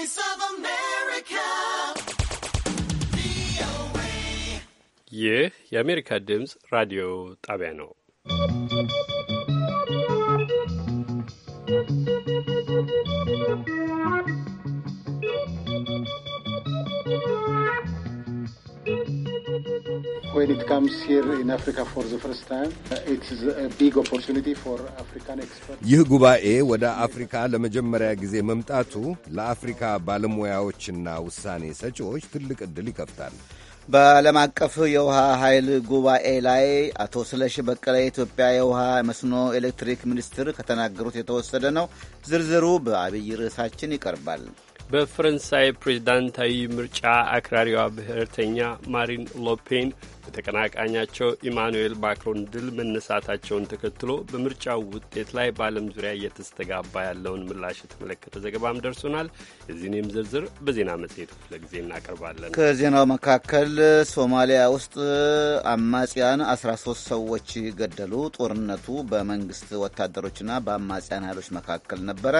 Voice of America. VOA. Yeah, America Dims Radio Tabiano. ይህ ጉባኤ ወደ አፍሪካ ለመጀመሪያ ጊዜ መምጣቱ ለአፍሪካ ባለሙያዎችና ውሳኔ ሰጪዎች ትልቅ ዕድል ይከፍታል። በዓለም አቀፍ የውሃ ኃይል ጉባኤ ላይ አቶ ስለሽ በቀለ የኢትዮጵያ የውሃ መስኖ ኤሌክትሪክ ሚኒስትር ከተናገሩት የተወሰደ ነው። ዝርዝሩ በአብይ ርዕሳችን ይቀርባል። በፈረንሳይ ፕሬዚዳንታዊ ምርጫ አክራሪዋ ብሔርተኛ ማሪን ሎፔን በተቀናቃኛቸው ኢማኑኤል ማክሮን ድል መነሳታቸውን ተከትሎ በምርጫው ውጤት ላይ በዓለም ዙሪያ እየተስተጋባ ያለውን ምላሽ የተመለከተ ዘገባም ደርሶናል። የዚህንም ዝርዝር በዜና መጽሔቱ ክፍለ ጊዜ እናቀርባለን። ከዜናው መካከል ሶማሊያ ውስጥ አማጽያን 13 ሰዎች ገደሉ። ጦርነቱ በመንግስት ወታደሮችና በአማጽያን ኃይሎች መካከል ነበረ።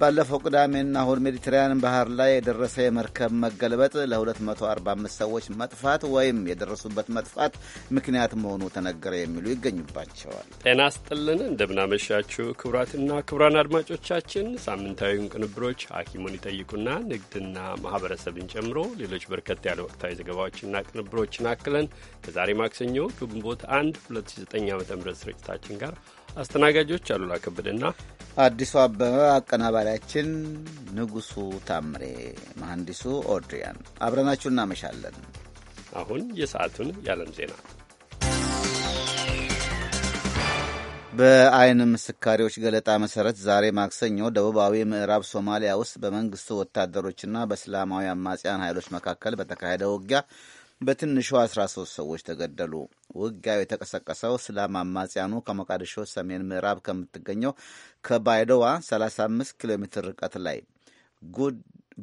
ባለፈው ቅዳሜና እሁድ ሜዲትራንያን ባህር ላይ የደረሰ የመርከብ መገልበጥ ለ245 ሰዎች መጥፋት ወይም የደረሱበት መጥፋት ምክንያት መሆኑ ተነገረ የሚሉ ይገኙባቸዋል። ጤና ስጥልን እንደምናመሻችሁ ክቡራትና ክቡራን አድማጮቻችን ሳምንታዊውን ቅንብሮች ሐኪሙን ይጠይቁና ንግድና ማህበረሰብን ጨምሮ ሌሎች በርከት ያለ ወቅታዊ ዘገባዎችና ቅንብሮችን አክለን ከዛሬ ማክሰኞ ግንቦት 1 2009 ዓ ም ስርጭታችን ጋር አስተናጋጆች አሉላ ከበደና አዲሱ አበበ፣ አቀናባሪያችን ንጉሱ ታምሬ፣ መሐንዲሱ ኦድሪያን፣ አብረናችሁ እናመሻለን። አሁን የሰዓቱን የዓለም ዜና በአይን ምስካሪዎች ገለጣ መሰረት ዛሬ ማክሰኞ ደቡባዊ ምዕራብ ሶማሊያ ውስጥ በመንግስቱ ወታደሮችና በእስላማዊ አማጽያን ኃይሎች መካከል በተካሄደ ውጊያ በትንሹ 13 ሰዎች ተገደሉ። ውጊያው የተቀሰቀሰው እስላም አማጽያኑ ከሞቃዲሾ ሰሜን ምዕራብ ከምትገኘው ከባይዶዋ 35 ኪሎ ሜትር ርቀት ላይ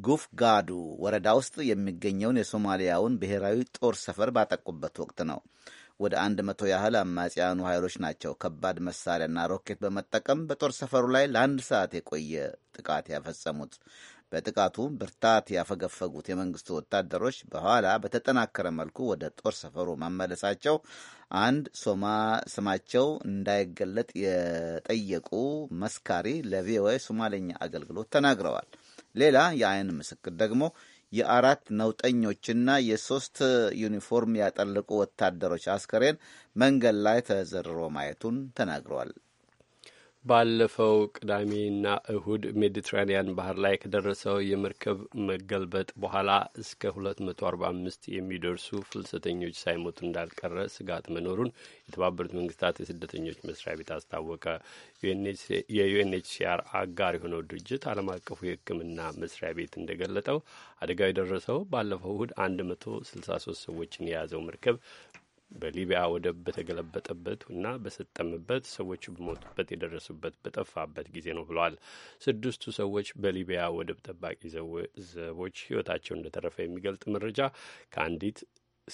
ጉፍጋዱ ወረዳ ውስጥ የሚገኘውን የሶማሊያውን ብሔራዊ ጦር ሰፈር ባጠቁበት ወቅት ነው። ወደ አንድ መቶ ያህል አማጽያኑ ኃይሎች ናቸው ከባድ መሳሪያና ሮኬት በመጠቀም በጦር ሰፈሩ ላይ ለአንድ ሰዓት የቆየ ጥቃት ያፈጸሙት። በጥቃቱ ብርታት ያፈገፈጉት የመንግስቱ ወታደሮች በኋላ በተጠናከረ መልኩ ወደ ጦር ሰፈሩ መመለሳቸው አንድ ሶማ ስማቸው እንዳይገለጥ የጠየቁ መስካሪ ለቪኦኤ ሶማሌኛ አገልግሎት ተናግረዋል። ሌላ የአይን ምስክር ደግሞ የአራት ነውጠኞችና የሶስት ዩኒፎርም ያጠለቁ ወታደሮች አስከሬን መንገድ ላይ ተዘርሮ ማየቱን ተናግረዋል። ባለፈው ቅዳሜና እሁድ ሜዲትራኒያን ባህር ላይ ከደረሰው የመርከብ መገልበጥ በኋላ እስከ 245 የሚደርሱ ፍልሰተኞች ሳይሞቱ እንዳልቀረ ስጋት መኖሩን የተባበሩት መንግስታት የስደተኞች መስሪያ ቤት አስታወቀ። የዩኤንኤችሲአር አጋር የሆነው ድርጅት ዓለም አቀፉ የሕክምና መስሪያ ቤት እንደገለጠው አደጋው የደረሰው ባለፈው እሁድ 163 ሰዎችን የያዘው መርከብ በሊቢያ ወደብ በተገለበጠበት እና በሰጠምበት ሰዎች በሞቱበት የደረሱበት በጠፋበት ጊዜ ነው ብለዋል። ስድስቱ ሰዎች በሊቢያ ወደብ ጠባቂ ዘቦች ሕይወታቸው እንደተረፈ የሚገልጥ መረጃ ከአንዲት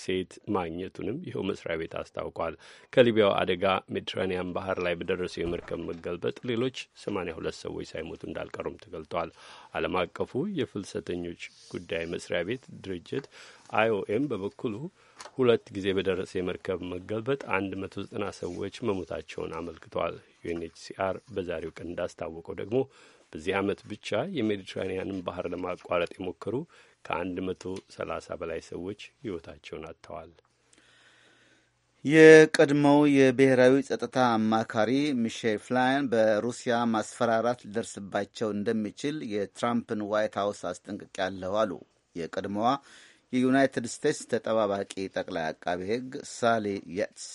ሴት ማግኘቱንም ይኸው መስሪያ ቤት አስታውቋል። ከሊቢያው አደጋ ሜዲትራኒያን ባህር ላይ በደረሰው የመርከብ መገልበጥ ሌሎች 82 ሰዎች ሳይሞቱ እንዳልቀሩም ተገልጧል። ዓለም አቀፉ የፍልሰተኞች ጉዳይ መስሪያ ቤት ድርጅት አይኦኤም በበኩሉ ሁለት ጊዜ በደረሰ የመርከብ መገልበጥ 190 ሰዎች መሞታቸውን አመልክቷል። ዩኤንኤችሲአር በዛሬው ቀን እንዳስታወቀው ደግሞ በዚህ ዓመት ብቻ የሜዲትራኒያንን ባህር ለማቋረጥ የሞከሩ ከአንድ መቶ ሰላሳ በላይ ሰዎች ሕይወታቸውን አጥተዋል። የቀድሞው የብሔራዊ ጸጥታ አማካሪ ሚሼል ፍላይን በሩሲያ ማስፈራራት ሊደርስባቸው እንደሚችል የትራምፕን ዋይት ሀውስ አስጠንቅቄያለሁ አሉ። የቀድሞዋ የዩናይትድ ስቴትስ ተጠባባቂ ጠቅላይ አቃቤ ሕግ ሳሊ የትስ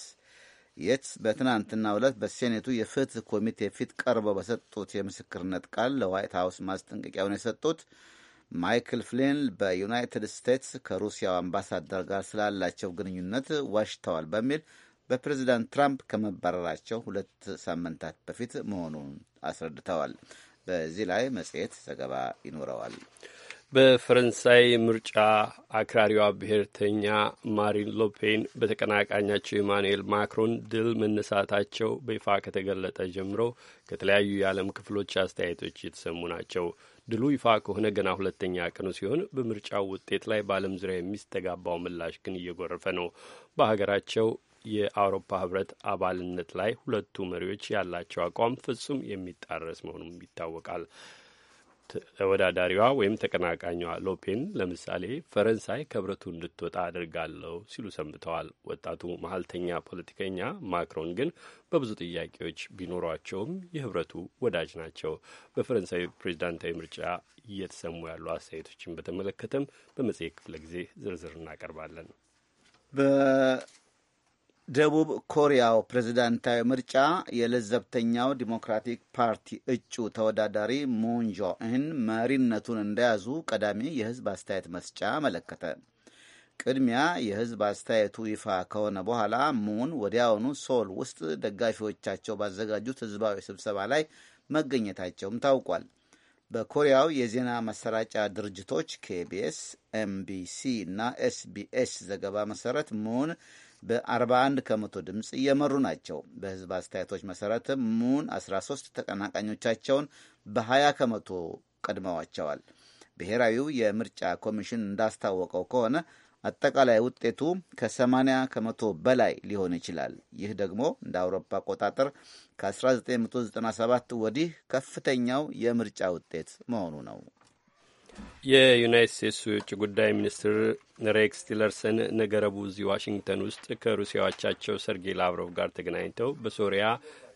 የትስ በትናንትናው ዕለት በሴኔቱ የፍትህ ኮሚቴ ፊት ቀርበው በሰጡት የምስክርነት ቃል ለዋይት ሀውስ ማስጠንቀቂያውን የሰጡት ማይክል ፍሊን በዩናይትድ ስቴትስ ከሩሲያው አምባሳደር ጋር ስላላቸው ግንኙነት ዋሽተዋል በሚል በፕሬዚዳንት ትራምፕ ከመባረራቸው ሁለት ሳምንታት በፊት መሆኑን አስረድተዋል። በዚህ ላይ መጽሔት ዘገባ ይኖረዋል። በፈረንሳይ ምርጫ አክራሪዋ ብሔርተኛ ማሪን ሎፔን በተቀናቃኛቸው ኢማኑኤል ማክሮን ድል መነሳታቸው በይፋ ከተገለጠ ጀምሮ ከተለያዩ የዓለም ክፍሎች አስተያየቶች የተሰሙ ናቸው። ድሉ ይፋ ከሆነ ገና ሁለተኛ ቀኑ ሲሆን በምርጫው ውጤት ላይ በዓለም ዙሪያ የሚስተጋባው ምላሽ ግን እየጎረፈ ነው። በሀገራቸው የአውሮፓ ህብረት አባልነት ላይ ሁለቱ መሪዎች ያላቸው አቋም ፍጹም የሚጣረስ መሆኑም ይታወቃል። ተወዳዳሪዋ ወይም ተቀናቃኟ ሎፔን ለምሳሌ ፈረንሳይ ከህብረቱ እንድትወጣ አድርጋለሁ ሲሉ ሰንብተዋል። ወጣቱ መሀልተኛ ፖለቲከኛ ማክሮን ግን በብዙ ጥያቄዎች ቢኖሯቸውም የህብረቱ ወዳጅ ናቸው። በፈረንሳይ ፕሬዚዳንታዊ ምርጫ እየተሰሙ ያሉ አስተያየቶችን በተመለከተም በመጽሔት ክፍለ ጊዜ ዝርዝር እናቀርባለን። ደቡብ ኮሪያው ፕሬዝዳንታዊ ምርጫ የለዘብተኛው ዲሞክራቲክ ፓርቲ እጩ ተወዳዳሪ ሙን መሪነቱን እንደያዙ ቀዳሚ የሕዝብ አስተያየት መስጫ አመለከተ። ቅድሚያ የሕዝብ አስተያየቱ ይፋ ከሆነ በኋላ ሙን ወዲያውኑ ሶል ውስጥ ደጋፊዎቻቸው ባዘጋጁት ሕዝባዊ ስብሰባ ላይ መገኘታቸውም ታውቋል። በኮሪያው የዜና ማሰራጫ ድርጅቶች ኬቢኤስ፣ ኤምቢሲ እና ኤስቢኤስ ዘገባ መሰረት ሙን በ41 ከመቶ ድምፅ እየመሩ ናቸው። በህዝብ አስተያየቶች መሰረትም ሙን 13 ተቀናቃኞቻቸውን በ20 ከመቶ ቀድመዋቸዋል። ብሔራዊው የምርጫ ኮሚሽን እንዳስታወቀው ከሆነ አጠቃላይ ውጤቱ ከ80 ከመቶ በላይ ሊሆን ይችላል። ይህ ደግሞ እንደ አውሮፓ አቆጣጠር ከ1997 ወዲህ ከፍተኛው የምርጫ ውጤት መሆኑ ነው። የዩናይት ስቴትስ የውጭ ጉዳይ ሚኒስትር ሬክስ ቲለርሰን ነገ ረቡዕ እዚህ ዋሽንግተን ውስጥ ከሩሲያዎቻቸው ሰርጌይ ላቭሮቭ ጋር ተገናኝተው በሶሪያ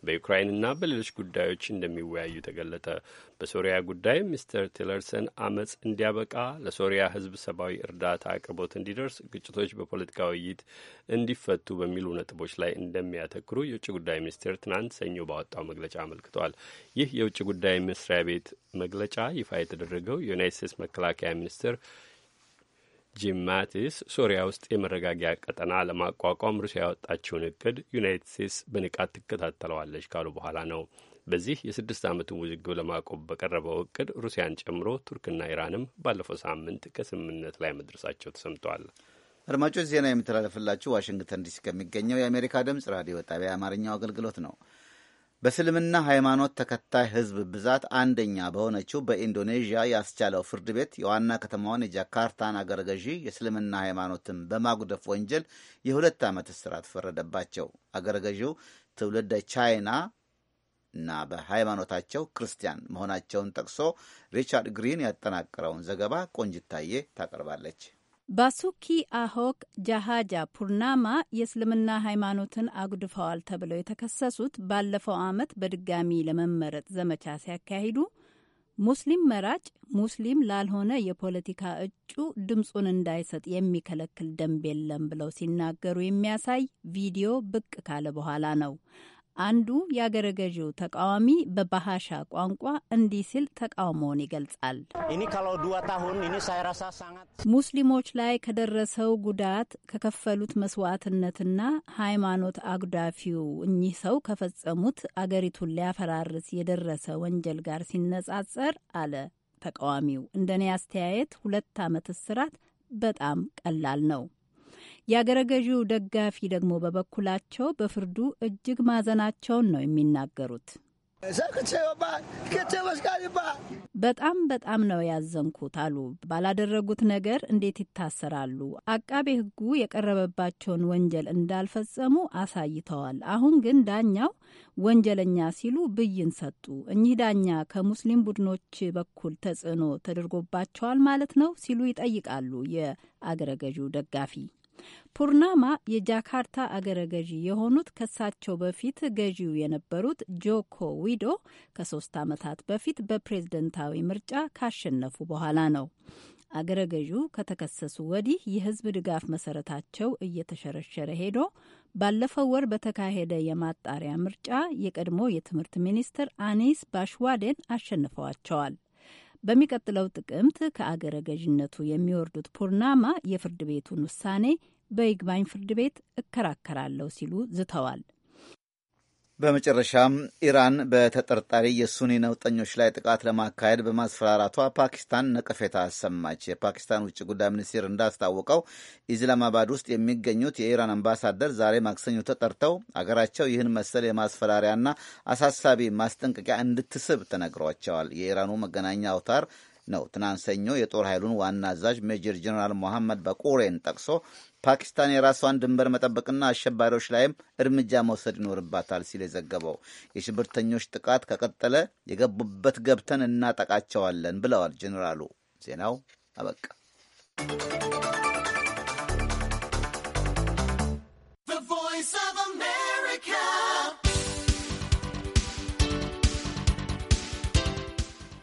በዩክራይንና በሌሎች ጉዳዮች እንደሚወያዩ ተገለጠ። በሶሪያ ጉዳይ ሚስተር ቲለርሰን አመፅ እንዲያበቃ፣ ለሶሪያ ሕዝብ ሰብአዊ እርዳታ አቅርቦት እንዲደርስ፣ ግጭቶች በፖለቲካ ውይይት እንዲፈቱ በሚሉ ነጥቦች ላይ እንደሚያተክሩ የውጭ ጉዳይ ሚኒስቴር ትናንት ሰኞ ባወጣው መግለጫ አመልክቷል። ይህ የውጭ ጉዳይ መስሪያ ቤት መግለጫ ይፋ የተደረገው የዩናይት ስቴትስ መከላከያ ሚኒስትር ጂም ማቲስ ሶሪያ ውስጥ የመረጋጊያ ቀጠና ለማቋቋም ሩሲያ ያወጣችውን እቅድ ዩናይትድ ስቴትስ በንቃት ትከታተለዋለች ካሉ በኋላ ነው። በዚህ የስድስት ዓመቱን ውዝግብ ለማቆም በቀረበው እቅድ ሩሲያን ጨምሮ ቱርክና ኢራንም ባለፈው ሳምንት ከስምምነት ላይ መድረሳቸው ተሰምተዋል። አድማጮች ዜና የሚተላለፍላችሁ ዋሽንግተን ዲሲ ከሚገኘው የአሜሪካ ድምጽ ራዲዮ ጣቢያ የአማርኛው አገልግሎት ነው። በእስልምና ሃይማኖት ተከታይ ህዝብ ብዛት አንደኛ በሆነችው በኢንዶኔዥያ ያስቻለው ፍርድ ቤት የዋና ከተማዋን የጃካርታን አገረ ገዢ የእስልምና ሃይማኖትን በማጉደፍ ወንጀል የሁለት ዓመት እስራት ፈረደባቸው። አገረ ገዢው ትውልደ ቻይና እና በሃይማኖታቸው ክርስቲያን መሆናቸውን ጠቅሶ ሪቻርድ ግሪን ያጠናቀረውን ዘገባ ቆንጅታዬ ታቀርባለች። ባሱኪ አሆክ ጃሃጃ ፑርናማ የእስልምና ሃይማኖትን አጉድፈዋል ተብለው የተከሰሱት ባለፈው ዓመት በድጋሚ ለመመረጥ ዘመቻ ሲያካሂዱ ሙስሊም መራጭ ሙስሊም ላልሆነ የፖለቲካ እጩ ድምፁን እንዳይሰጥ የሚከለክል ደንብ የለም ብለው ሲናገሩ የሚያሳይ ቪዲዮ ብቅ ካለ በኋላ ነው። አንዱ የአገረ ገዢው ተቃዋሚ በባሃሻ ቋንቋ እንዲህ ሲል ተቃውሞውን ይገልጻል። ሙስሊሞች ላይ ከደረሰው ጉዳት ከከፈሉት መስዋዕትነትና ሃይማኖት አጉዳፊው እኚህ ሰው ከፈጸሙት አገሪቱን ሊያፈራርስ የደረሰ ወንጀል ጋር ሲነጻጸር አለ ተቃዋሚው እንደኔ አስተያየት ሁለት ዓመት እስራት በጣም ቀላል ነው። የአገረ ገዢው ደጋፊ ደግሞ በበኩላቸው በፍርዱ እጅግ ማዘናቸውን ነው የሚናገሩት። በጣም በጣም ነው ያዘንኩት አሉ። ባላደረጉት ነገር እንዴት ይታሰራሉ? አቃቤ ሕጉ የቀረበባቸውን ወንጀል እንዳልፈጸሙ አሳይተዋል። አሁን ግን ዳኛው ወንጀለኛ ሲሉ ብይን ሰጡ። እኚህ ዳኛ ከሙስሊም ቡድኖች በኩል ተጽዕኖ ተደርጎባቸዋል ማለት ነው ሲሉ ይጠይቃሉ የአገረ ገዢው ደጋፊ ፑርናማ የጃካርታ አገረ ገዢ የሆኑት ከሳቸው በፊት ገዢው የነበሩት ጆኮ ዊዶ ከሶስት ዓመታት በፊት በፕሬዝደንታዊ ምርጫ ካሸነፉ በኋላ ነው። አገረ ገዢው ከተከሰሱ ወዲህ የህዝብ ድጋፍ መሰረታቸው እየተሸረሸረ ሄዶ ባለፈው ወር በተካሄደ የማጣሪያ ምርጫ የቀድሞ የትምህርት ሚኒስትር አኒስ ባሽዋዴን አሸንፈዋቸዋል። በሚቀጥለው ጥቅምት ከአገረ ገዥነቱ የሚወርዱት ፑርናማ የፍርድ ቤቱን ውሳኔ በይግባኝ ፍርድ ቤት እከራከራለሁ ሲሉ ዝተዋል። በመጨረሻም ኢራን በተጠርጣሪ የሱኒ ነውጠኞች ላይ ጥቃት ለማካሄድ በማስፈራራቷ ፓኪስታን ነቀፌታ አሰማች። የፓኪስታን ውጭ ጉዳይ ሚኒስቴር እንዳስታወቀው ኢስላማባድ ውስጥ የሚገኙት የኢራን አምባሳደር ዛሬ ማክሰኞ ተጠርተው አገራቸው ይህን መሰል የማስፈራሪያና አሳሳቢ ማስጠንቀቂያ እንድትስብ ተነግሯቸዋል። የኢራኑ መገናኛ አውታር ነው ትናንት ሰኞ የጦር ኃይሉን ዋና አዛዥ ሜጀር ጀኔራል ሞሐመድ በቁሬን ጠቅሶ ፓኪስታን የራሷን ድንበር መጠበቅና አሸባሪዎች ላይም እርምጃ መውሰድ ይኖርባታል ሲል የዘገበው የሽብርተኞች ጥቃት ከቀጠለ የገቡበት ገብተን እናጠቃቸዋለን ብለዋል ጀኔራሉ። ዜናው አበቃ።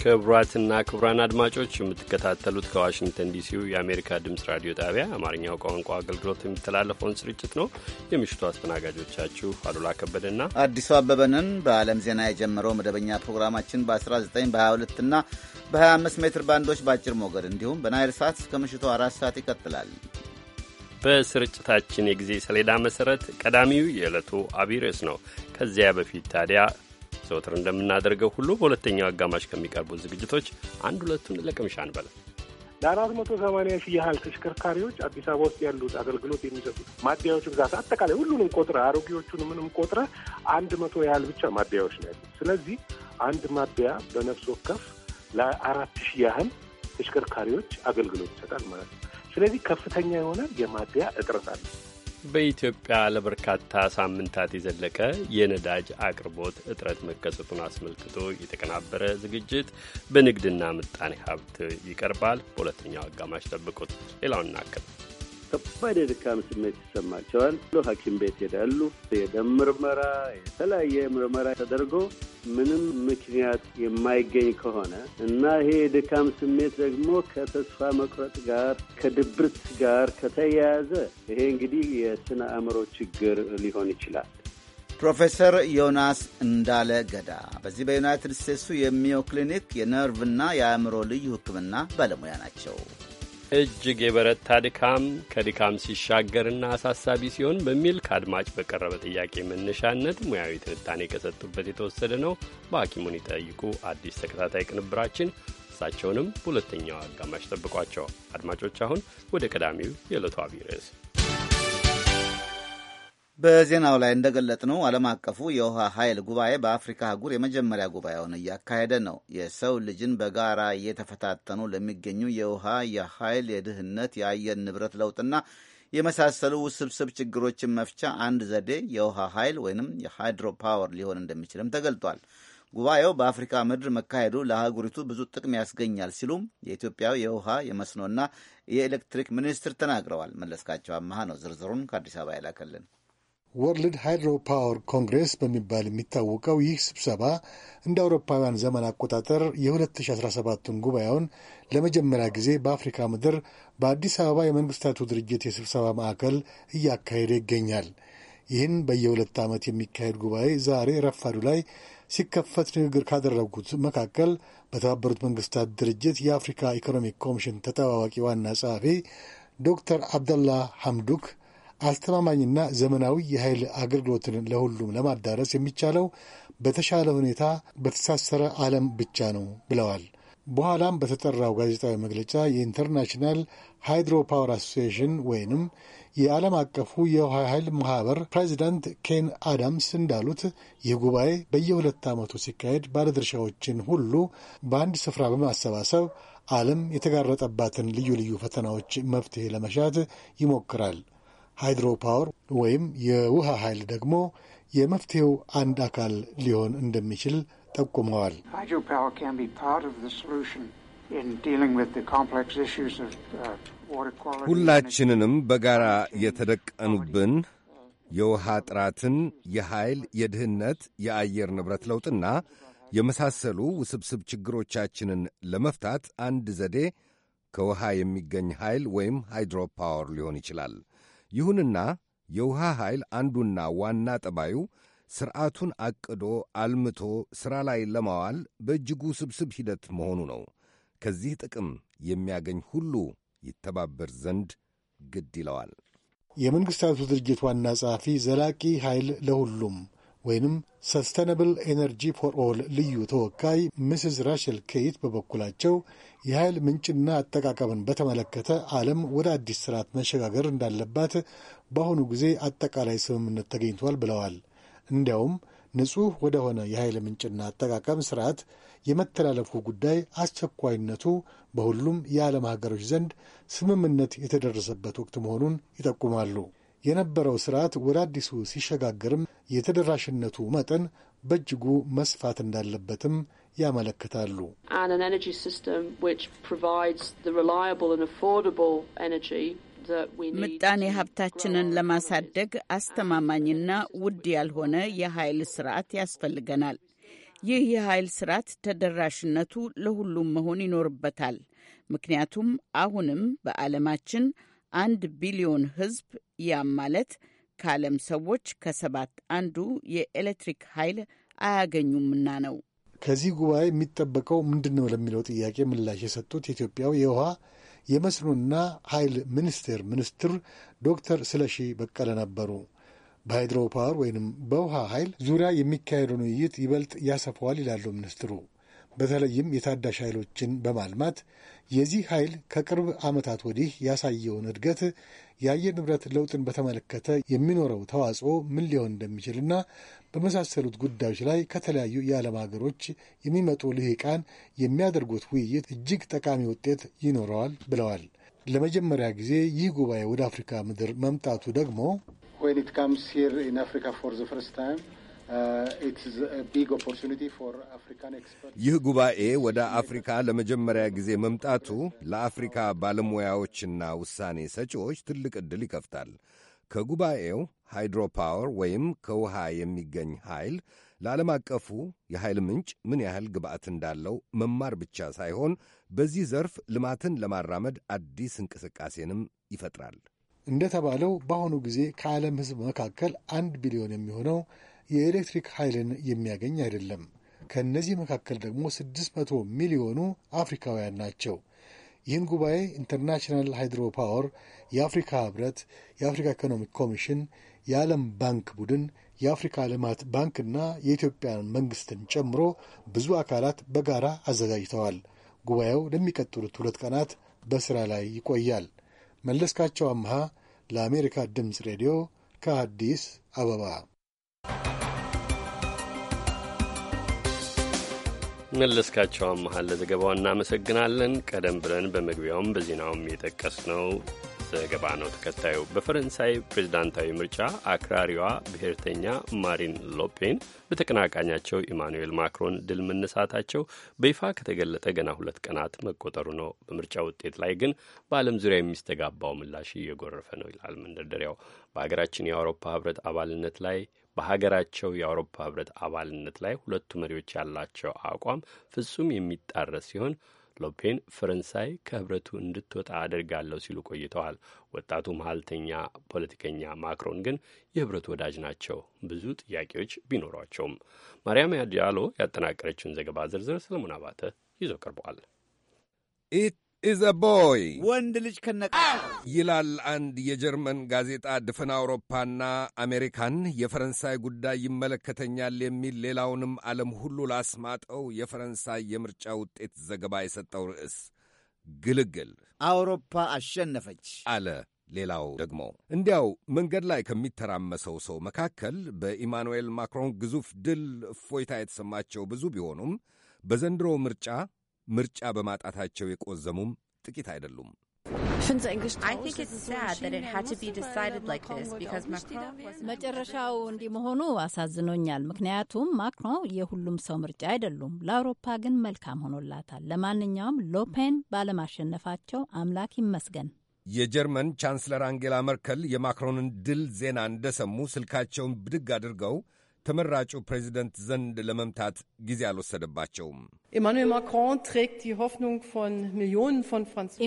ክቡራትና ክቡራን አድማጮች የምትከታተሉት ከዋሽንግተን ዲሲው የአሜሪካ ድምፅ ራዲዮ ጣቢያ አማርኛው ቋንቋ አገልግሎት የሚተላለፈውን ስርጭት ነው። የምሽቱ አስተናጋጆቻችሁ አሉላ ከበደና አዲሱ አበበንን በዓለም ዜና የጀመረው መደበኛ ፕሮግራማችን በ19 በ22 እና በ25 ሜትር ባንዶች በአጭር ሞገድ እንዲሁም በናይል ሰዓት እስከ ምሽቱ አራት ሰዓት ይቀጥላል። በስርጭታችን የጊዜ ሰሌዳ መሰረት ቀዳሚው የዕለቱ አቢይ ርዕስ ነው። ከዚያ በፊት ታዲያ ዘወትር እንደምናደርገው ሁሉ በሁለተኛው አጋማሽ ከሚቀርቡት ዝግጅቶች አንድ ሁለቱን ለቅምሻ እንበል። ለአራት መቶ ሰማኒያ ሺህ ያህል ተሽከርካሪዎች አዲስ አበባ ውስጥ ያሉት አገልግሎት የሚሰጡት ማደያዎች ብዛት አጠቃላይ ሁሉንም ቆጥረ አሮጌዎቹን ምንም ቆጥረ አንድ መቶ ያህል ብቻ ማደያዎች ነው ያሉት። ስለዚህ አንድ ማደያ በነፍስ ወከፍ ለአራት ሺህ ያህል ተሽከርካሪዎች አገልግሎት ይሰጣል ማለት ነው። ስለዚህ ከፍተኛ የሆነ የማደያ እጥረት አለ። በኢትዮጵያ ለበርካታ ሳምንታት የዘለቀ የነዳጅ አቅርቦት እጥረት መከሰቱን አስመልክቶ የተቀናበረ ዝግጅት በንግድና ምጣኔ ሀብት ይቀርባል። በሁለተኛው አጋማሽ ጠብቁት። ሌላውን እናከል። ከባድ የድካም ስሜት ይሰማቸዋል። ሐኪም ቤት ሄዳሉ። የደም ምርመራ፣ የተለያየ ምርመራ ተደርጎ ምንም ምክንያት የማይገኝ ከሆነ እና ይሄ የድካም ስሜት ደግሞ ከተስፋ መቁረጥ ጋር ከድብርት ጋር ከተያያዘ ይሄ እንግዲህ የስነ አእምሮ ችግር ሊሆን ይችላል። ፕሮፌሰር ዮናስ እንዳለ ገዳ በዚህ በዩናይትድ ስቴትሱ የሚዮ ክሊኒክ የነርቭና የአእምሮ ልዩ ሕክምና ባለሙያ ናቸው። እጅግ የበረታ ድካም ከድካም ሲሻገርና አሳሳቢ ሲሆን በሚል ከአድማጭ በቀረበ ጥያቄ መነሻነት ሙያዊ ትንታኔ ከሰጡበት የተወሰደ ነው። በሐኪሙን ይጠይቁ አዲስ ተከታታይ ቅንብራችን እሳቸውንም በሁለተኛው አጋማሽ ጠብቋቸው። አድማጮች አሁን ወደ ቀዳሚው የዕለቱ አብይ ርዕስ በዜናው ላይ እንደገለጥነው ዓለም አቀፉ የውሃ ኃይል ጉባኤ በአፍሪካ አህጉር የመጀመሪያ ጉባኤውን እያካሄደ ነው። የሰው ልጅን በጋራ እየተፈታተኑ ለሚገኙ የውሃ፣ የኃይል፣ የድህነት፣ የአየር ንብረት ለውጥና የመሳሰሉ ውስብስብ ችግሮችን መፍቻ አንድ ዘዴ የውሃ ኃይል ወይንም የሃይድሮ ፓወር ሊሆን እንደሚችልም ተገልጧል። ጉባኤው በአፍሪካ ምድር መካሄዱ ለአህጉሪቱ ብዙ ጥቅም ያስገኛል ሲሉም የኢትዮጵያው የውሃ የመስኖና የኤሌክትሪክ ሚኒስትር ተናግረዋል። መለስካቸው አመሃ ነው ዝርዝሩን ከአዲስ አበባ ያላከልን። ወርልድ ሃይድሮ ፓወር ኮንግሬስ በሚባል የሚታወቀው ይህ ስብሰባ እንደ አውሮፓውያን ዘመን አቆጣጠር የ2017ቱን ጉባኤውን ለመጀመሪያ ጊዜ በአፍሪካ ምድር በአዲስ አበባ የመንግስታቱ ድርጅት የስብሰባ ማዕከል እያካሄደ ይገኛል። ይህን በየሁለት ዓመት የሚካሄድ ጉባኤ ዛሬ ረፋዱ ላይ ሲከፈት ንግግር ካደረጉት መካከል በተባበሩት መንግስታት ድርጅት የአፍሪካ ኢኮኖሚክ ኮሚሽን ተጠባባቂ ዋና ጸሐፊ ዶክተር አብደላ ሐምዱክ አስተማማኝና ዘመናዊ የኃይል አገልግሎትን ለሁሉም ለማዳረስ የሚቻለው በተሻለ ሁኔታ በተሳሰረ ዓለም ብቻ ነው ብለዋል። በኋላም በተጠራው ጋዜጣዊ መግለጫ የኢንተርናሽናል ሃይድሮ ፓወር አሶሲሽን ወይንም የዓለም አቀፉ የውሃ ኃይል ማህበር ፕሬዚዳንት ኬን አዳምስ እንዳሉት ይህ ጉባኤ በየሁለት ዓመቱ ሲካሄድ ባለድርሻዎችን ሁሉ በአንድ ስፍራ በማሰባሰብ ዓለም የተጋረጠባትን ልዩ ልዩ ፈተናዎች መፍትሄ ለመሻት ይሞክራል። ሃይድሮ ፓወር ወይም የውሃ ኃይል ደግሞ የመፍትሄው አንድ አካል ሊሆን እንደሚችል ጠቁመዋል። uh, ሁላችንንም በጋራ የተደቀኑብን የውሃ ጥራትን፣ የኃይል፣ የድህነት፣ የአየር ንብረት ለውጥና የመሳሰሉ ውስብስብ ችግሮቻችንን ለመፍታት አንድ ዘዴ ከውሃ የሚገኝ ኃይል ወይም ሃይድሮ ፓወር ሊሆን ይችላል። ይሁንና የውሃ ኃይል አንዱና ዋና ጠባዩ ስርዓቱን አቅዶ አልምቶ ሥራ ላይ ለማዋል በእጅጉ ስብስብ ሂደት መሆኑ ነው። ከዚህ ጥቅም የሚያገኝ ሁሉ ይተባበር ዘንድ ግድ ይለዋል። የመንግሥታቱ ድርጅት ዋና ጸሐፊ ዘላቂ ኃይል ለሁሉም ወይንም ሰስተነብል ኤነርጂ ፎር ኦል ልዩ ተወካይ ምስዝ ራሸል ኬይት በበኩላቸው የኃይል ምንጭና አጠቃቀምን በተመለከተ ዓለም ወደ አዲስ ስርዓት መሸጋገር እንዳለባት በአሁኑ ጊዜ አጠቃላይ ስምምነት ተገኝቷል ብለዋል። እንዲያውም ንጹሕ ወደሆነ የኃይል ምንጭና አጠቃቀም ስርዓት የመተላለፉ ጉዳይ አስቸኳይነቱ በሁሉም የዓለም ሀገሮች ዘንድ ስምምነት የተደረሰበት ወቅት መሆኑን ይጠቁማሉ። የነበረው ስርዓት ወደ አዲሱ ሲሸጋገርም የተደራሽነቱ መጠን በእጅጉ መስፋት እንዳለበትም ያመለክታሉ። ምጣኔ ሀብታችንን ለማሳደግ አስተማማኝና ውድ ያልሆነ የኃይል ስርዓት ያስፈልገናል። ይህ የኃይል ስርዓት ተደራሽነቱ ለሁሉም መሆን ይኖርበታል። ምክንያቱም አሁንም በዓለማችን አንድ ቢሊዮን ህዝብ ያም ማለት ከዓለም ሰዎች ከሰባት አንዱ የኤሌክትሪክ ኃይል አያገኙምና ነው። ከዚህ ጉባኤ የሚጠበቀው ምንድን ነው ለሚለው ጥያቄ ምላሽ የሰጡት የኢትዮጵያው የውሃ የመስኖና ኃይል ሚኒስቴር ሚኒስትር ዶክተር ስለሺ በቀለ ነበሩ። በሃይድሮ ፓወር ወይንም በውሃ ኃይል ዙሪያ የሚካሄደውን ውይይት ይበልጥ ያሰፋዋል ይላሉ ሚኒስትሩ። በተለይም የታዳሽ ኃይሎችን በማልማት የዚህ ኃይል ከቅርብ ዓመታት ወዲህ ያሳየውን እድገት፣ የአየር ንብረት ለውጥን በተመለከተ የሚኖረው ተዋጽኦ ምን ሊሆን እንደሚችልና በመሳሰሉት ጉዳዮች ላይ ከተለያዩ የዓለም ሀገሮች የሚመጡ ልሂቃን የሚያደርጉት ውይይት እጅግ ጠቃሚ ውጤት ይኖረዋል ብለዋል። ለመጀመሪያ ጊዜ ይህ ጉባኤ ወደ አፍሪካ ምድር መምጣቱ ደግሞ uh, ይህ ጉባኤ ወደ አፍሪካ ለመጀመሪያ ጊዜ መምጣቱ ለአፍሪካ ባለሙያዎችና ውሳኔ ሰጪዎች ትልቅ ዕድል ይከፍታል። ከጉባኤው ሃይድሮ ፓወር ወይም ከውሃ የሚገኝ ኃይል ለዓለም አቀፉ የኃይል ምንጭ ምን ያህል ግብአት እንዳለው መማር ብቻ ሳይሆን በዚህ ዘርፍ ልማትን ለማራመድ አዲስ እንቅስቃሴንም ይፈጥራል። እንደተባለው በአሁኑ ጊዜ ከዓለም ሕዝብ መካከል አንድ ቢሊዮን የሚሆነው የኤሌክትሪክ ኃይልን የሚያገኝ አይደለም። ከእነዚህ መካከል ደግሞ 600 ሚሊዮኑ አፍሪካውያን ናቸው። ይህን ጉባኤ ኢንተርናሽናል ሃይድሮ ፓወር፣ የአፍሪካ ህብረት፣ የአፍሪካ ኢኮኖሚክ ኮሚሽን፣ የዓለም ባንክ ቡድን፣ የአፍሪካ ልማት ባንክና የኢትዮጵያን መንግስትን ጨምሮ ብዙ አካላት በጋራ አዘጋጅተዋል። ጉባኤው ለሚቀጥሉት ሁለት ቀናት በስራ ላይ ይቆያል። መለስካቸው አምሃ ለአሜሪካ ድምፅ ሬዲዮ ከአዲስ አበባ። መለስካቸው አመሃል ለዘገባው እናመሰግናለን። ቀደም ብለን በመግቢያውም በዜናውም ነው። ዘገባ ነው ተከታዩ። በፈረንሳይ ፕሬዝዳንታዊ ምርጫ አክራሪዋ ብሔርተኛ ማሪን ሎፔን በተቀናቃኛቸው ኢማኑኤል ማክሮን ድል መነሳታቸው በይፋ ከተገለጠ ገና ሁለት ቀናት መቆጠሩ ነው። በምርጫ ውጤት ላይ ግን በዓለም ዙሪያ የሚስተጋባው ምላሽ እየጎረፈ ነው ይላል መንደርደሪያው። በሀገራችን የአውሮፓ ህብረት አባልነት ላይ በሀገራቸው የአውሮፓ ህብረት አባልነት ላይ ሁለቱ መሪዎች ያላቸው አቋም ፍጹም የሚጣረስ ሲሆን ሎፔን ፈረንሳይ ከህብረቱ እንድትወጣ አደርጋለሁ ሲሉ ቆይተዋል። ወጣቱ መሀልተኛ ፖለቲከኛ ማክሮን ግን የህብረቱ ወዳጅ ናቸው፣ ብዙ ጥያቄዎች ቢኖሯቸውም። ማርያም ያዲያሎ ያጠናቀረችውን ዘገባ ዝርዝር ሰለሞን አባተ ይዞ ቀርበዋል። ኢዝ አ ቦይ ወንድ ልጅ ከነቃ ይላል አንድ የጀርመን ጋዜጣ። ድፍን አውሮፓና አሜሪካን የፈረንሳይ ጉዳይ ይመለከተኛል የሚል ሌላውንም ዓለም ሁሉ ላስማጠው የፈረንሳይ የምርጫ ውጤት ዘገባ የሰጠው ርዕስ ግልግል አውሮፓ አሸነፈች አለ። ሌላው ደግሞ እንዲያው መንገድ ላይ ከሚተራመሰው ሰው መካከል በኢማኑኤል ማክሮን ግዙፍ ድል እፎይታ የተሰማቸው ብዙ ቢሆኑም በዘንድሮ ምርጫ ምርጫ በማጣታቸው የቆዘሙም ጥቂት አይደሉም። መጨረሻው እንዲህ መሆኑ አሳዝኖኛል። ምክንያቱም ማክሮን የሁሉም ሰው ምርጫ አይደሉም። ለአውሮፓ ግን መልካም ሆኖላታል። ለማንኛውም ሎፔን ባለማሸነፋቸው አምላክ ይመስገን። የጀርመን ቻንስለር አንጌላ መርከል የማክሮንን ድል ዜና እንደሰሙ ስልካቸውን ብድግ አድርገው ተመራጩ ፕሬዚደንት ዘንድ ለመምታት ጊዜ አልወሰደባቸውም።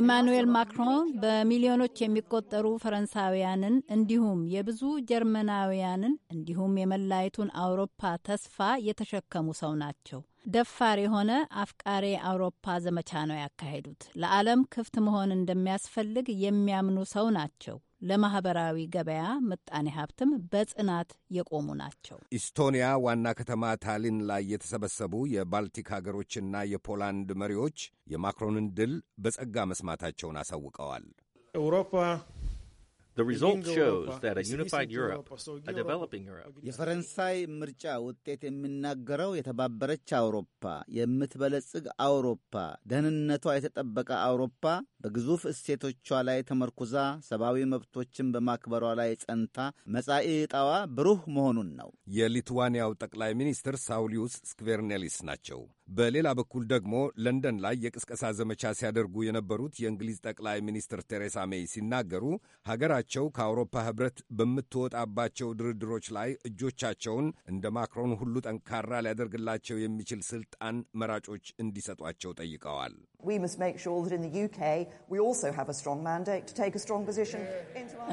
ኢማኑኤል ማክሮን በሚሊዮኖች የሚቆጠሩ ፈረንሳውያንን እንዲሁም የብዙ ጀርመናውያንን እንዲሁም የመላይቱን አውሮፓ ተስፋ የተሸከሙ ሰው ናቸው። ደፋር የሆነ አፍቃሬ አውሮፓ ዘመቻ ነው ያካሄዱት። ለዓለም ክፍት መሆን እንደሚያስፈልግ የሚያምኑ ሰው ናቸው። ለማህበራዊ ገበያ ምጣኔ ሀብትም በጽናት የቆሙ ናቸው። ኢስቶኒያ ዋና ከተማ ታሊን ላይ የተሰበሰቡ የባልቲክ ሀገሮችና የፖላንድ መሪዎች የማክሮንን ድል በጸጋ መስማታቸውን አሳውቀዋል። ኤውሮፓ result shows that a unified Europe, a developing Europe. የፈረንሳይ ምርጫ ውጤት የሚናገረው የተባበረች አውሮፓ፣ የምትበለጽግ አውሮፓ፣ ደህንነቷ የተጠበቀ አውሮፓ በግዙፍ እሴቶቿ ላይ ተመርኩዛ ሰብአዊ መብቶችን በማክበሯ ላይ ጸንታ መጻኢ ዕጣዋ ብሩህ መሆኑን ነው። የሊትዋንያው ጠቅላይ ሚኒስትር ሳውሊዩስ ስክቬርኔሊስ ናቸው። በሌላ በኩል ደግሞ ለንደን ላይ የቅስቀሳ ዘመቻ ሲያደርጉ የነበሩት የእንግሊዝ ጠቅላይ ሚኒስትር ቴሬሳ ሜይ ሲናገሩ ሀገራቸው ከአውሮፓ ህብረት በምትወጣባቸው ድርድሮች ላይ እጆቻቸውን እንደ ማክሮን ሁሉ ጠንካራ ሊያደርግላቸው የሚችል ስልጣን መራጮች እንዲሰጧቸው ጠይቀዋል።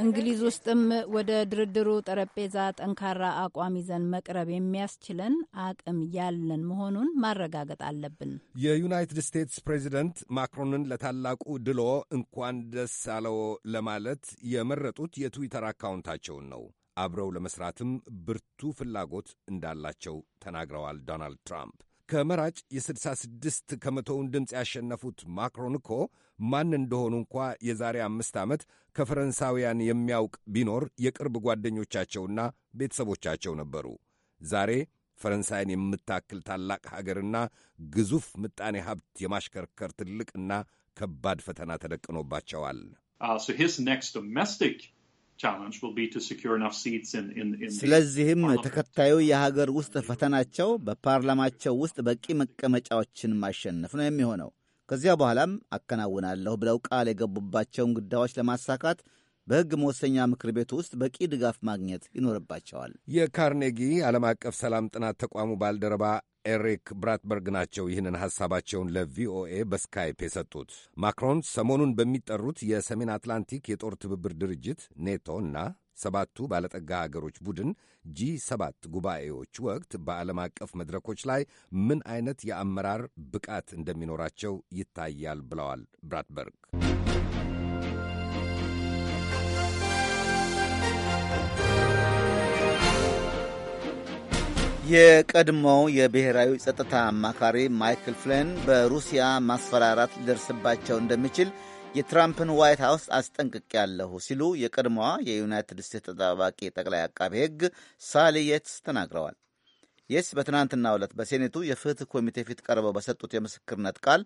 እንግሊዝ ውስጥም ወደ ድርድሩ ጠረጴዛ ጠንካራ አቋም ይዘን መቅረብ የሚያስችለን አቅም ያለን መሆኑን ማረጋገጥ ማረጋገጥ አለብን። የዩናይትድ ስቴትስ ፕሬዚደንት ማክሮንን ለታላቁ ድሎ እንኳን ደስ አለው ለማለት የመረጡት የትዊተር አካውንታቸውን ነው። አብረው ለመስራትም ብርቱ ፍላጎት እንዳላቸው ተናግረዋል። ዶናልድ ትራምፕ ከመራጭ የ66 ከመቶውን ድምፅ ያሸነፉት ማክሮን እኮ ማን እንደሆኑ እንኳ የዛሬ አምስት ዓመት ከፈረንሳውያን የሚያውቅ ቢኖር የቅርብ ጓደኞቻቸውና ቤተሰቦቻቸው ነበሩ። ዛሬ ፈረንሳይን የምታክል ታላቅ ሀገርና ግዙፍ ምጣኔ ሀብት የማሽከርከር ትልቅና ከባድ ፈተና ተደቅኖባቸዋል። uh, ስለዚህም ተከታዩ የሀገር ውስጥ ፈተናቸው በፓርላማቸው ውስጥ በቂ መቀመጫዎችን ማሸነፍ ነው የሚሆነው። ከዚያ በኋላም አከናውናለሁ ብለው ቃል የገቡባቸውን ጉዳዮች ለማሳካት በሕግ መወሰኛ ምክር ቤት ውስጥ በቂ ድጋፍ ማግኘት ይኖርባቸዋል። የካርኔጊ ዓለም አቀፍ ሰላም ጥናት ተቋሙ ባልደረባ ኤሪክ ብራትበርግ ናቸው ይህንን ሐሳባቸውን ለቪኦኤ በስካይፕ የሰጡት። ማክሮን ሰሞኑን በሚጠሩት የሰሜን አትላንቲክ የጦር ትብብር ድርጅት ኔቶ እና ሰባቱ ባለጠጋ አገሮች ቡድን ጂ ሰባት ጉባኤዎች ወቅት በዓለም አቀፍ መድረኮች ላይ ምን አይነት የአመራር ብቃት እንደሚኖራቸው ይታያል ብለዋል ብራትበርግ። የቀድሞው የብሔራዊ ጸጥታ አማካሪ ማይክል ፍሌን በሩሲያ ማስፈራራት ሊደርስባቸው እንደሚችል የትራምፕን ዋይት ሀውስ አስጠንቅቄያለሁ ሲሉ የቀድሞዋ የዩናይትድ ስቴትስ ተጠባባቂ ጠቅላይ አቃቤ ሕግ ሳሊ የትስ ተናግረዋል። የትስ በትናንትናው ዕለት በሴኔቱ የፍትህ ኮሚቴ ፊት ቀርበው በሰጡት የምስክርነት ቃል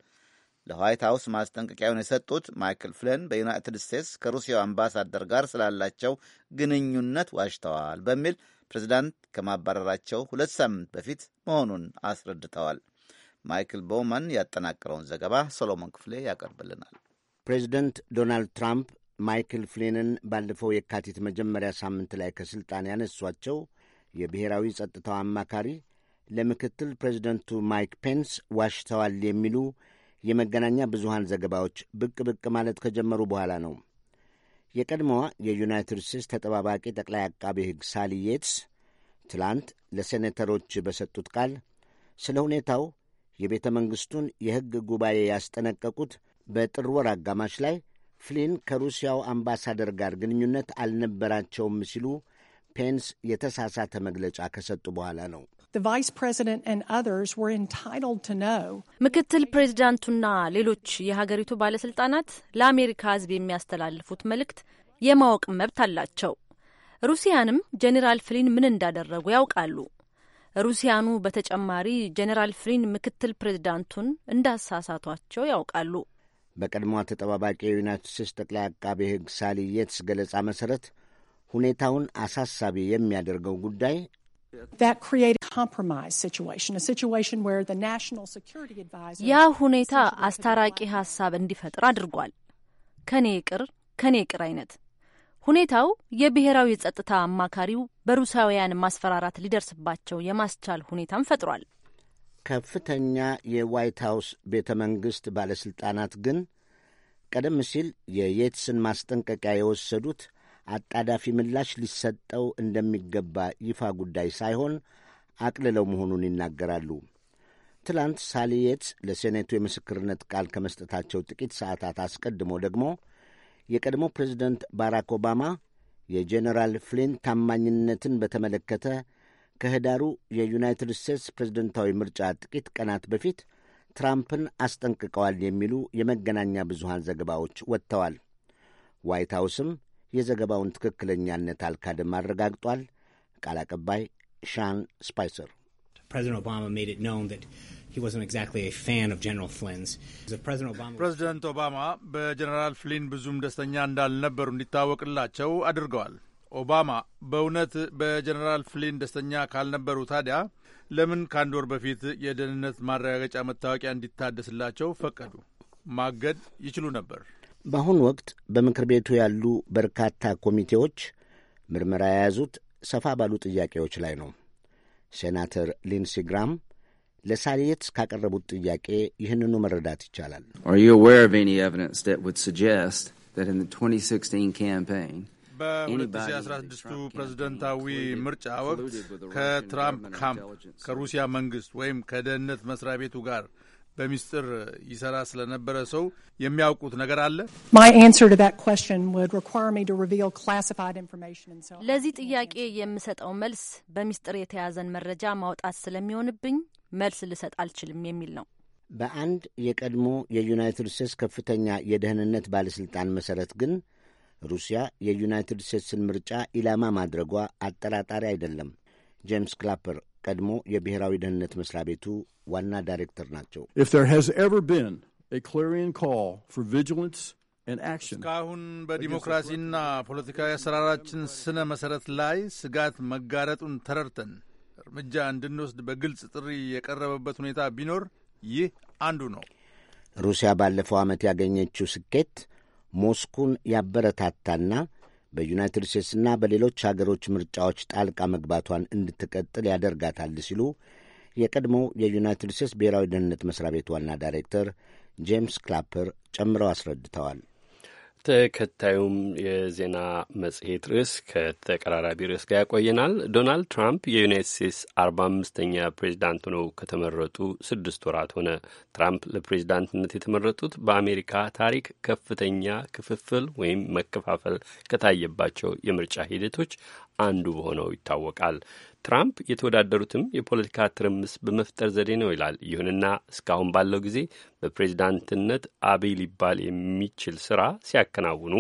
ለዋይት ሀውስ ማስጠንቀቂያውን የሰጡት ማይክል ፍለን በዩናይትድ ስቴትስ ከሩሲያው አምባሳደር ጋር ስላላቸው ግንኙነት ዋሽተዋል በሚል ፕሬዚዳንት ከማባረራቸው ሁለት ሳምንት በፊት መሆኑን አስረድተዋል። ማይክል ቦውማን ያጠናቀረውን ዘገባ ሶሎሞን ክፍሌ ያቀርብልናል። ፕሬዚደንት ዶናልድ ትራምፕ ማይክል ፍሌንን ባለፈው የካቲት መጀመሪያ ሳምንት ላይ ከሥልጣን ያነሷቸው የብሔራዊ ጸጥታው አማካሪ ለምክትል ፕሬዚደንቱ ማይክ ፔንስ ዋሽተዋል የሚሉ የመገናኛ ብዙሃን ዘገባዎች ብቅ ብቅ ማለት ከጀመሩ በኋላ ነው። የቀድሞዋ የዩናይትድ ስቴትስ ተጠባባቂ ጠቅላይ አቃቤ ሕግ ሳሊ የትስ ትላንት ለሴኔተሮች በሰጡት ቃል ስለ ሁኔታው የቤተ መንግሥቱን የሕግ ጉባኤ ያስጠነቀቁት በጥር ወር አጋማሽ ላይ ፍሊን ከሩሲያው አምባሳደር ጋር ግንኙነት አልነበራቸውም ሲሉ ፔንስ የተሳሳተ መግለጫ ከሰጡ በኋላ ነው። ምክትል ፕሬዚዳንቱና ሌሎች የሀገሪቱ ባለስልጣናት ለአሜሪካ ሕዝብ የሚያስተላልፉት መልእክት የማወቅ መብት አላቸው። ሩሲያንም ጄኔራል ፍሊን ምን እንዳደረጉ ያውቃሉ። ሩሲያኑ በተጨማሪ ጄኔራል ፍሊን ምክትል ፕሬዚዳንቱን እንዳሳሳቷቸው ያውቃሉ። በቀድሞዋ ተጠባባቂ የዩናይትድ ስቴትስ ጠቅላይ አቃቤ ሕግ ሳሊ የትስ ገለጻ መሠረት ሁኔታውን አሳሳቢ የሚያደርገው ጉዳይ ያ ሁኔታ አስታራቂ ሀሳብ እንዲፈጥር አድርጓል። ከኔ ቅር ከኔ ቅር አይነት ሁኔታው የብሔራዊ የጸጥታ አማካሪው በሩሳውያን ማስፈራራት ሊደርስባቸው የማስቻል ሁኔታም ፈጥሯል። ከፍተኛ የዋይት ሀውስ ቤተ መንግሥት ባለሥልጣናት ግን ቀደም ሲል የየትስን ማስጠንቀቂያ የወሰዱት አጣዳፊ ምላሽ ሊሰጠው እንደሚገባ ይፋ ጉዳይ ሳይሆን አቅልለው መሆኑን ይናገራሉ። ትላንት ሳሊየት ለሴኔቱ የምስክርነት ቃል ከመስጠታቸው ጥቂት ሰዓታት አስቀድሞ ደግሞ የቀድሞ ፕሬዚደንት ባራክ ኦባማ የጄኔራል ፍሊን ታማኝነትን በተመለከተ ከህዳሩ የዩናይትድ ስቴትስ ፕሬዝደንታዊ ምርጫ ጥቂት ቀናት በፊት ትራምፕን አስጠንቅቀዋል የሚሉ የመገናኛ ብዙሃን ዘገባዎች ወጥተዋል። ዋይት ሀውስም የዘገባውን ትክክለኛነት አልካድም አረጋግጧል። ቃል አቀባይ ሻን ስፓይሰር ፕሬዚደንት ኦባማ ኦባማ በጀነራል ፍሊን ብዙም ደስተኛ እንዳልነበሩ እንዲታወቅላቸው አድርገዋል። ኦባማ በእውነት በጀነራል ፍሊን ደስተኛ ካልነበሩ ታዲያ ለምን ከአንድ ወር በፊት የደህንነት ማረጋገጫ መታወቂያ እንዲታደስላቸው ፈቀዱ? ማገድ ይችሉ ነበር። በአሁኑ ወቅት በምክር ቤቱ ያሉ በርካታ ኮሚቴዎች ምርመራ የያዙት ሰፋ ባሉ ጥያቄዎች ላይ ነው። ሴናተር ሊንሲ ግራም ለሳልየት ካቀረቡት ጥያቄ ይህንኑ መረዳት ይቻላል። 2016 ፕሬዝደንታዊ ምርጫ ወቅት ከትራምፕ ካምፕ ከሩሲያ መንግሥት ወይም ከደህንነት መስሪያ ቤቱ ጋር በሚስጥር ይሰራ ስለነበረ ሰው የሚያውቁት ነገር አለ? ለዚህ ጥያቄ የምሰጠው መልስ በሚስጥር የተያዘን መረጃ ማውጣት ስለሚሆንብኝ መልስ ልሰጥ አልችልም የሚል ነው። በአንድ የቀድሞ የዩናይትድ ስቴትስ ከፍተኛ የደህንነት ባለሥልጣን መሠረት ግን ሩሲያ የዩናይትድ ስቴትስን ምርጫ ኢላማ ማድረጓ አጠራጣሪ አይደለም። ጄምስ ክላፐር ቀድሞ የብሔራዊ ደህንነት መስሪያ ቤቱ ዋና ዳይሬክተር ናቸው። እስካሁን በዲሞክራሲና ፖለቲካዊ አሰራራችን ስነ መሠረት ላይ ስጋት መጋረጡን ተረድተን እርምጃ እንድንወስድ በግልጽ ጥሪ የቀረበበት ሁኔታ ቢኖር ይህ አንዱ ነው። ሩሲያ ባለፈው ዓመት ያገኘችው ስኬት ሞስኩን ያበረታታና በዩናይትድ ስቴትስና በሌሎች ሀገሮች ምርጫዎች ጣልቃ መግባቷን እንድትቀጥል ያደርጋታል ሲሉ የቀድሞው የዩናይትድ ስቴትስ ብሔራዊ ደህንነት መስሪያ ቤት ዋና ዳይሬክተር ጄምስ ክላፐር ጨምረው አስረድተዋል። ተከታዩም የዜና መጽሔት ርዕስ ከተቀራራቢ ርዕስ ጋር ያቆየናል። ዶናልድ ትራምፕ የዩናይት ስቴትስ አርባ አምስተኛ ፕሬዚዳንት ሆነው ከተመረጡ ስድስት ወራት ሆነ። ትራምፕ ለፕሬዚዳንትነት የተመረጡት በአሜሪካ ታሪክ ከፍተኛ ክፍፍል ወይም መከፋፈል ከታየባቸው የምርጫ ሂደቶች አንዱ በሆነው ይታወቃል። ትራምፕ የተወዳደሩትም የፖለቲካ ትርምስ በመፍጠር ዘዴ ነው ይላል። ይሁንና እስካሁን ባለው ጊዜ በፕሬዝዳንትነት አብይ ሊባል የሚችል ስራ ሲያከናውኑ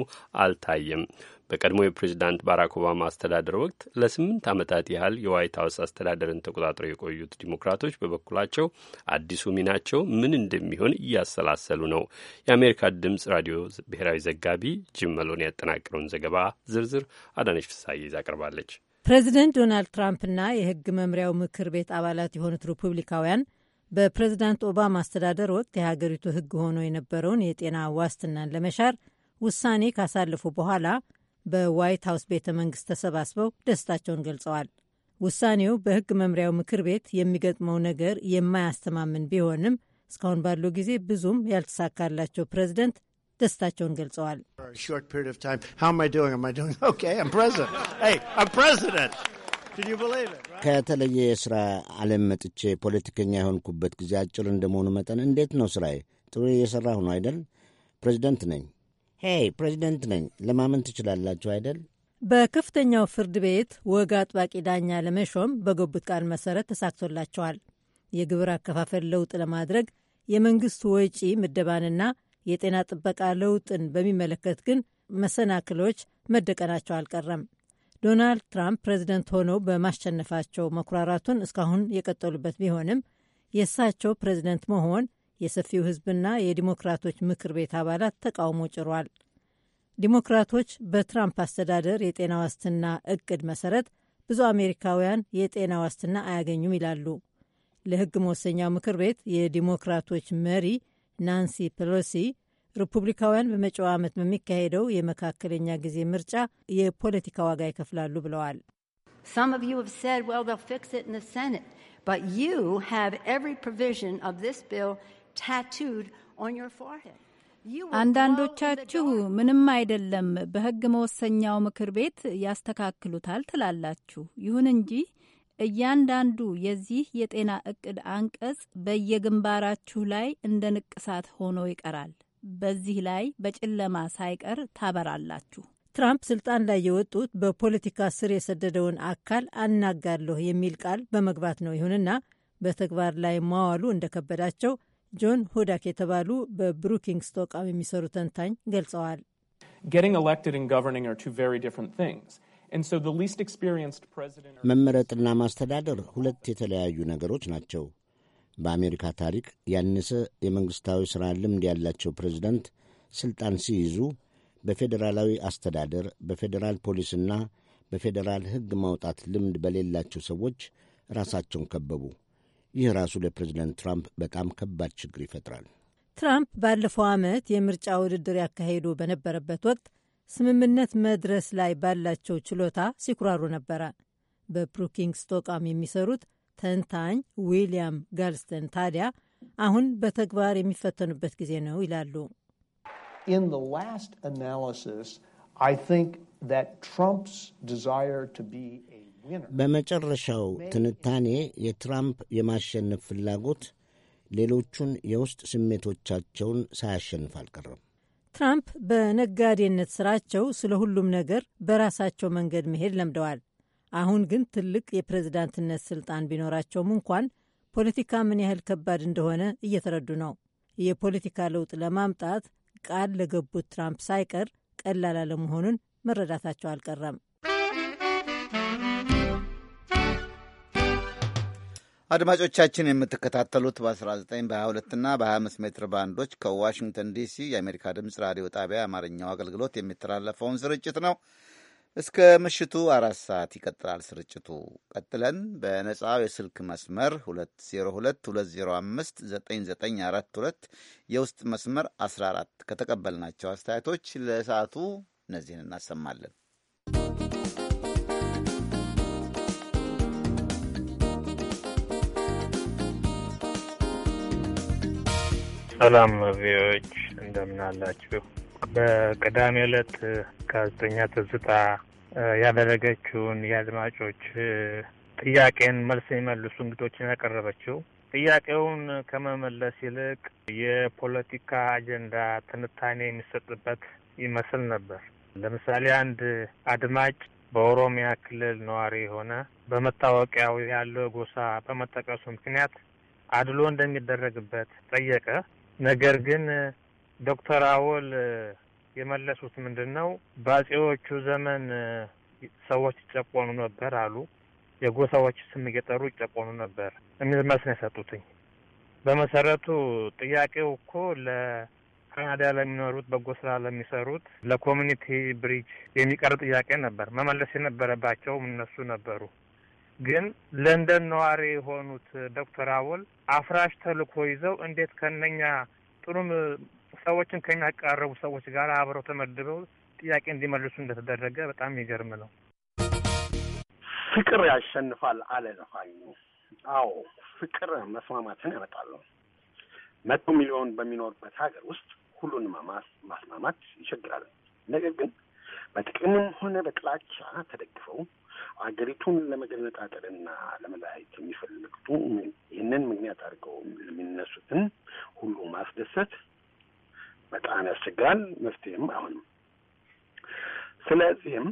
አልታየም። በቀድሞ የፕሬዝዳንት ባራክ ኦባማ አስተዳደር ወቅት ለስምንት ዓመታት ያህል የዋይት ሀውስ አስተዳደርን ተቆጣጥረው የቆዩት ዲሞክራቶች በበኩላቸው አዲሱ ሚናቸው ምን እንደሚሆን እያሰላሰሉ ነው። የአሜሪካ ድምፅ ራዲዮ ብሔራዊ ዘጋቢ ጅም መሎን ያጠናቀረውን ዘገባ ዝርዝር አዳነች ፍሳዬ ይዛ ቀርባለች። ፕሬዚደንት ዶናልድ ትራምፕና የህግ መምሪያው ምክር ቤት አባላት የሆኑት ሪፑብሊካውያን በፕሬዚዳንት ኦባማ አስተዳደር ወቅት የሀገሪቱ ህግ ሆኖ የነበረውን የጤና ዋስትናን ለመሻር ውሳኔ ካሳለፉ በኋላ በዋይት ሀውስ ቤተ መንግስት ተሰባስበው ደስታቸውን ገልጸዋል። ውሳኔው በህግ መምሪያው ምክር ቤት የሚገጥመው ነገር የማያስተማምን ቢሆንም እስካሁን ባለው ጊዜ ብዙም ያልተሳካላቸው ፕሬዚደንት ደስታቸውን ገልጸዋል። ከተለየ የስራ ዓለም መጥቼ ፖለቲከኛ የሆንኩበት ጊዜ አጭር እንደመሆኑ መጠን እንዴት ነው ስራዬ? ጥሩ እየሰራ ሆኖ አይደል? ፕሬዚደንት ነኝ። ሄይ ፕሬዚደንት ነኝ ለማመን ትችላላችሁ አይደል? በከፍተኛው ፍርድ ቤት ወግ አጥባቂ ዳኛ ለመሾም በገቡት ቃል መሰረት ተሳክቶላቸዋል። የግብር አከፋፈል ለውጥ ለማድረግ የመንግስት ወጪ ምደባንና የጤና ጥበቃ ለውጥን በሚመለከት ግን መሰናክሎች መደቀናቸው አልቀረም። ዶናልድ ትራምፕ ፕሬዚደንት ሆነው በማሸነፋቸው መኩራራቱን እስካሁን የቀጠሉበት ቢሆንም የእሳቸው ፕሬዚደንት መሆን የሰፊው ሕዝብና የዲሞክራቶች ምክር ቤት አባላት ተቃውሞ ጭሯል። ዲሞክራቶች በትራምፕ አስተዳደር የጤና ዋስትና እቅድ መሰረት ብዙ አሜሪካውያን የጤና ዋስትና አያገኙም ይላሉ። ለሕግ መወሰኛው ምክር ቤት የዲሞክራቶች መሪ ናንሲ ፔሎሲ ሪፑብሊካውያን በመጪው ዓመት በሚካሄደው የመካከለኛ ጊዜ ምርጫ የፖለቲካ ዋጋ ይከፍላሉ ብለዋል። አንዳንዶቻችሁ ምንም አይደለም፣ በሕግ መወሰኛው ምክር ቤት ያስተካክሉታል ትላላችሁ። ይሁን እንጂ እያንዳንዱ የዚህ የጤና እቅድ አንቀጽ በየግንባራችሁ ላይ እንደ ንቅሳት ሆኖ ይቀራል። በዚህ ላይ በጨለማ ሳይቀር ታበራላችሁ። ትራምፕ ስልጣን ላይ የወጡት በፖለቲካ ስር የሰደደውን አካል አናጋለሁ የሚል ቃል በመግባት ነው። ይሁንና በተግባር ላይ ማዋሉ እንደከበዳቸው ጆን ሁዳክ የተባሉ በብሩኪንግስ ተቋም የሚሰሩ ተንታኝ ገልጸዋል። መመረጥና ማስተዳደር ሁለት የተለያዩ ነገሮች ናቸው። በአሜሪካ ታሪክ ያነሰ የመንግሥታዊ ሥራ ልምድ ያላቸው ፕሬዝደንት ሥልጣን ሲይዙ በፌዴራላዊ አስተዳደር በፌዴራል ፖሊስና በፌዴራል ሕግ ማውጣት ልምድ በሌላቸው ሰዎች ራሳቸውን ከበቡ። ይህ ራሱ ለፕሬዝደንት ትራምፕ በጣም ከባድ ችግር ይፈጥራል። ትራምፕ ባለፈው ዓመት የምርጫ ውድድር ያካሄዱ በነበረበት ወቅት ስምምነት መድረስ ላይ ባላቸው ችሎታ ሲኩራሩ ነበረ። በብሩኪንግስ ተቋም የሚሰሩት ተንታኝ ዊሊያም ጋልስተን ታዲያ አሁን በተግባር የሚፈተኑበት ጊዜ ነው ይላሉ። በመጨረሻው ትንታኔ የትራምፕ የማሸነፍ ፍላጎት ሌሎቹን የውስጥ ስሜቶቻቸውን ሳያሸንፍ አልቀረም። ትራምፕ በነጋዴነት ስራቸው ስለ ሁሉም ነገር በራሳቸው መንገድ መሄድ ለምደዋል። አሁን ግን ትልቅ የፕሬዝዳንትነት ስልጣን ቢኖራቸውም እንኳን ፖለቲካ ምን ያህል ከባድ እንደሆነ እየተረዱ ነው። የፖለቲካ ለውጥ ለማምጣት ቃል ለገቡት ትራምፕ ሳይቀር ቀላል አለመሆኑን መረዳታቸው አልቀረም። አድማጮቻችን የምትከታተሉት በ19 በ22 እና በ25 ሜትር ባንዶች ከዋሽንግተን ዲሲ የአሜሪካ ድምፅ ራዲዮ ጣቢያ አማርኛው አገልግሎት የሚተላለፈውን ስርጭት ነው። እስከ ምሽቱ አራት ሰዓት ይቀጥላል ስርጭቱ። ቀጥለን በነጻው የስልክ መስመር 2022059942 የውስጥ መስመር 14 ከተቀበልናቸው አስተያየቶች ለሰዓቱ እነዚህን እናሰማለን። ሰላም ቪዎች እንደምናላችሁ በቅዳሜ ዕለት ጋዜጠኛ ትዝታ ያደረገችውን የአድማጮች ጥያቄን መልስ የሚመልሱ እንግዶችን ያቀረበችው ጥያቄውን ከመመለስ ይልቅ የፖለቲካ አጀንዳ ትንታኔ የሚሰጥበት ይመስል ነበር። ለምሳሌ አንድ አድማጭ በኦሮሚያ ክልል ነዋሪ የሆነ በመታወቂያው ያለው ጎሳ በመጠቀሱ ምክንያት አድሎ እንደሚደረግበት ጠየቀ። ነገር ግን ዶክተር አወል የመለሱት ምንድን ነው? በአጼዎቹ ዘመን ሰዎች ይጨቆኑ ነበር አሉ። የጎሳዎች ስም እየጠሩ ይጨቆኑ ነበር የሚል መልስ ነው የሰጡትኝ። በመሰረቱ ጥያቄው እኮ ለካናዳ ለሚኖሩት በጎ ስራ ለሚሰሩት ለኮሚኒቲ ብሪጅ የሚቀርብ ጥያቄ ነበር። መመለስ የነበረባቸውም እነሱ ነበሩ። ግን ለንደን ነዋሪ የሆኑት ዶክተር አወል አፍራሽ ተልእኮ ይዘው እንዴት ከነኛ ጥሩም ሰዎችን ከሚያቀራረቡ ሰዎች ጋር አብረው ተመድበው ጥያቄ እንዲመልሱ እንደተደረገ በጣም የሚገርም ነው። ፍቅር ያሸንፋል አለ ዘፋኙ። አዎ ፍቅር መስማማትን ያመጣል። መቶ ሚሊዮን በሚኖርበት ሀገር ውስጥ ሁሉንም ማስማማት ይቸግራል። ነገር ግን በጥቅምም ሆነ በጥላቻ ተደግፈው አገሪቱን ለመገነጣጠልና ለመለያየት የሚፈልጉት ይህንን ምክንያት አድርገው የሚነሱትን ሁሉ ማስደሰት በጣም ያስቸግራል። መፍትሄም አሁንም ስለዚህም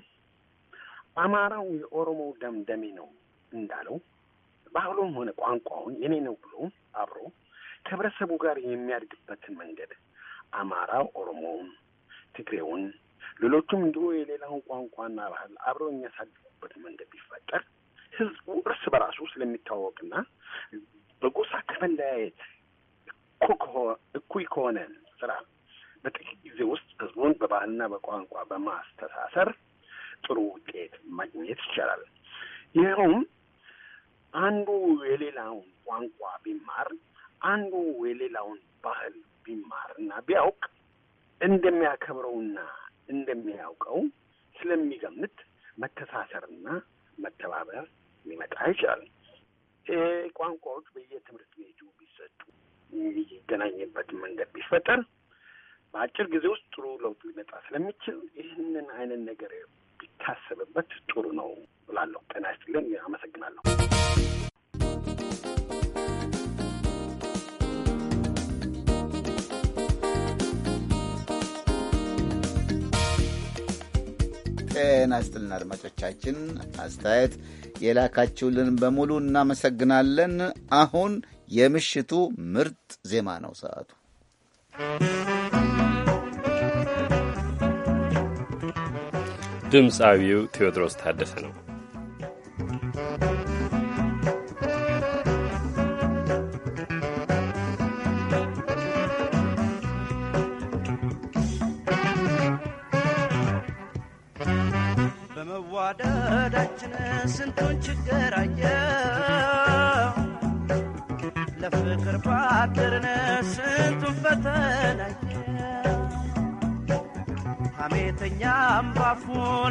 አማራው የኦሮሞ ደምደሜ ነው እንዳለው ባህሉም ሆነ ቋንቋውን የኔ ነው ብሎ አብሮ ከህብረተሰቡ ጋር የሚያድግበትን መንገድ አማራ ኦሮሞውን፣ ትግሬውን፣ ሌሎቹም እንዲሁ የሌላውን ቋንቋና ባህል አብረው የሚያሳድጉበት መንገድ ቢፈጠር ህዝቡ እርስ በራሱ ስለሚታወቅና በጎሳ ከመለያየት እኩይ ከሆነ ስራ በጥቂት ጊዜ ውስጥ ህዝቡን በባህልና በቋንቋ በማስተሳሰር ጥሩ ውጤት ማግኘት ይቻላል። ይኸውም አንዱ የሌላውን ቋንቋ ቢማር፣ አንዱ የሌላውን ባህል ቢማር እና ቢያውቅ እንደሚያከብረውና እንደሚያውቀው ስለሚገምት መተሳሰርና መተባበር ሊመጣ ይችላል። ቋንቋዎች በየትምህርት ቤቱ ቢሰጡ የሚገናኝበት መንገድ ቢፈጠር በአጭር ጊዜ ውስጥ ጥሩ ለውጥ ሊመጣ ስለሚችል ይህንን አይነት ነገር ቢታሰብበት ጥሩ ነው ብላለሁ። ጤና ይስጥልኝ። አመሰግናለሁ። ጤና ይስጥልን አድማጮቻችን፣ አስተያየት የላካችሁልን በሙሉ እናመሰግናለን። አሁን የምሽቱ ምርጥ ዜማ ነው ሰዓቱ። ድምፃዊው ቴዎድሮስ ታደሰ ነው። በመዋደዳችን ስንቱን ችግር አየ ለፍቅር ባደርን ስንቱን ፈተናየ ሐሜተኛም ባፉ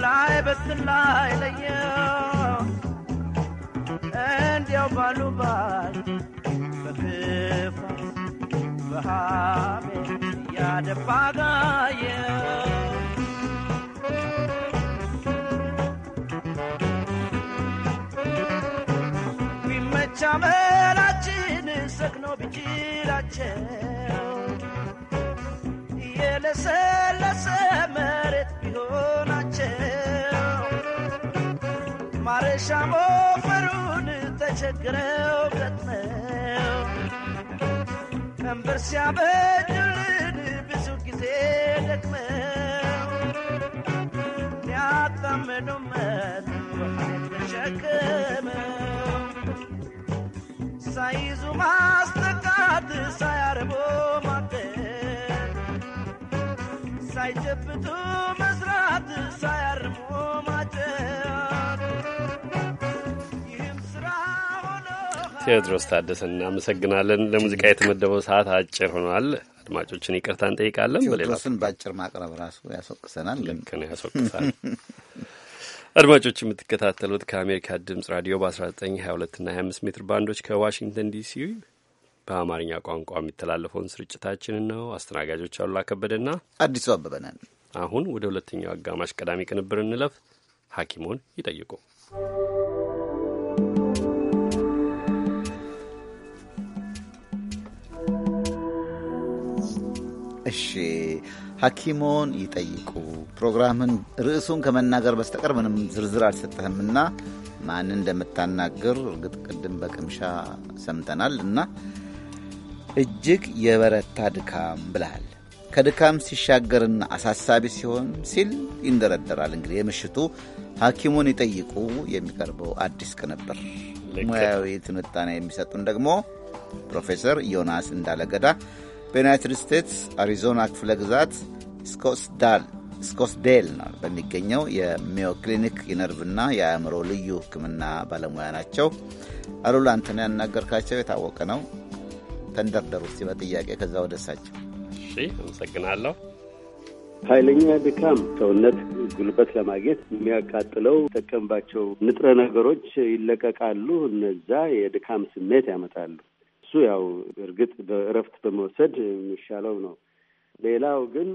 ላይ በስን ላይ እንዲያው ባሉባል በክፋ በሐሜት እያደባ ቢመቻ መላችን ሰግኖ ብጅላቸው ለሰለሰ መሬት ቢሆናቸው ማረሻ ሞፈሩን ተቸግረው ገጥመው ቀንበር ሲያበጅልን ብዙ ጊዜ ደክመው ያጣመዱመት ወፍሬት ተሸክመው ሳይዙ ማስጠቃት ሳያርቦ ሳይጨብጡ መስራት ሳያርሙ ቴዎድሮስ ታደሰ እናመሰግናለን። ለሙዚቃ የተመደበው ሰዓት አጭር ሆኗል። አድማጮችን ይቅርታ እንጠይቃለን። ቴዎድሮስን በአጭር ማቅረብ ራሱ ያስወቅሰናል። ልክ ነው፣ ያስወቅሳል። አድማጮች የምትከታተሉት ከአሜሪካ ድምጽ ራዲዮ በ1922 እና 25 ሜትር ባንዶች ከዋሽንግተን ዲሲ በአማርኛ ቋንቋ የሚተላለፈውን ስርጭታችንን ነው። አስተናጋጆች አሉላ ከበደና አዲሱ አበበ ነን። አሁን ወደ ሁለተኛው አጋማሽ ቀዳሚ ቅንብር እንለፍ። ሐኪሙን ይጠይቁ እሺ ሐኪሞን ይጠይቁ ፕሮግራምን ርዕሱን ከመናገር በስተቀር ምንም ዝርዝር አልሰጠህምና ማን እንደምታናግር እርግጥ ቅድም በቅምሻ ሰምተናል እና እጅግ የበረታ ድካም ብለሃል። ከድካም ሲሻገርና አሳሳቢ ሲሆን ሲል ይንደረደራል። እንግዲህ የምሽቱ ሐኪሙን ይጠይቁ የሚቀርበው አዲስ ቅንብር ሙያዊ ትንታኔ የሚሰጡን ደግሞ ፕሮፌሰር ዮናስ እንዳለገዳ በዩናይትድ ስቴትስ አሪዞና ክፍለ ግዛት ስኮትስዳል ስኮትስዴል ነው በሚገኘው የሜዮ ክሊኒክ የነርቭና የአእምሮ ልዩ ሕክምና ባለሙያ ናቸው። አሉላ አንተን ያናገርካቸው የታወቀ ነው። ተንደርደሩ እስቲ በጥያቄ ከዛ ወደ እሳቸው። እሺ አመሰግናለሁ። ኃይለኛ ድካም ሰውነት ጉልበት ለማግኘት የሚያቃጥለው ጠቀምባቸው ንጥረ ነገሮች ይለቀቃሉ። እነዛ የድካም ስሜት ያመጣሉ። እሱ ያው እርግጥ በእረፍት በመውሰድ የሚሻለው ነው። ሌላው ግን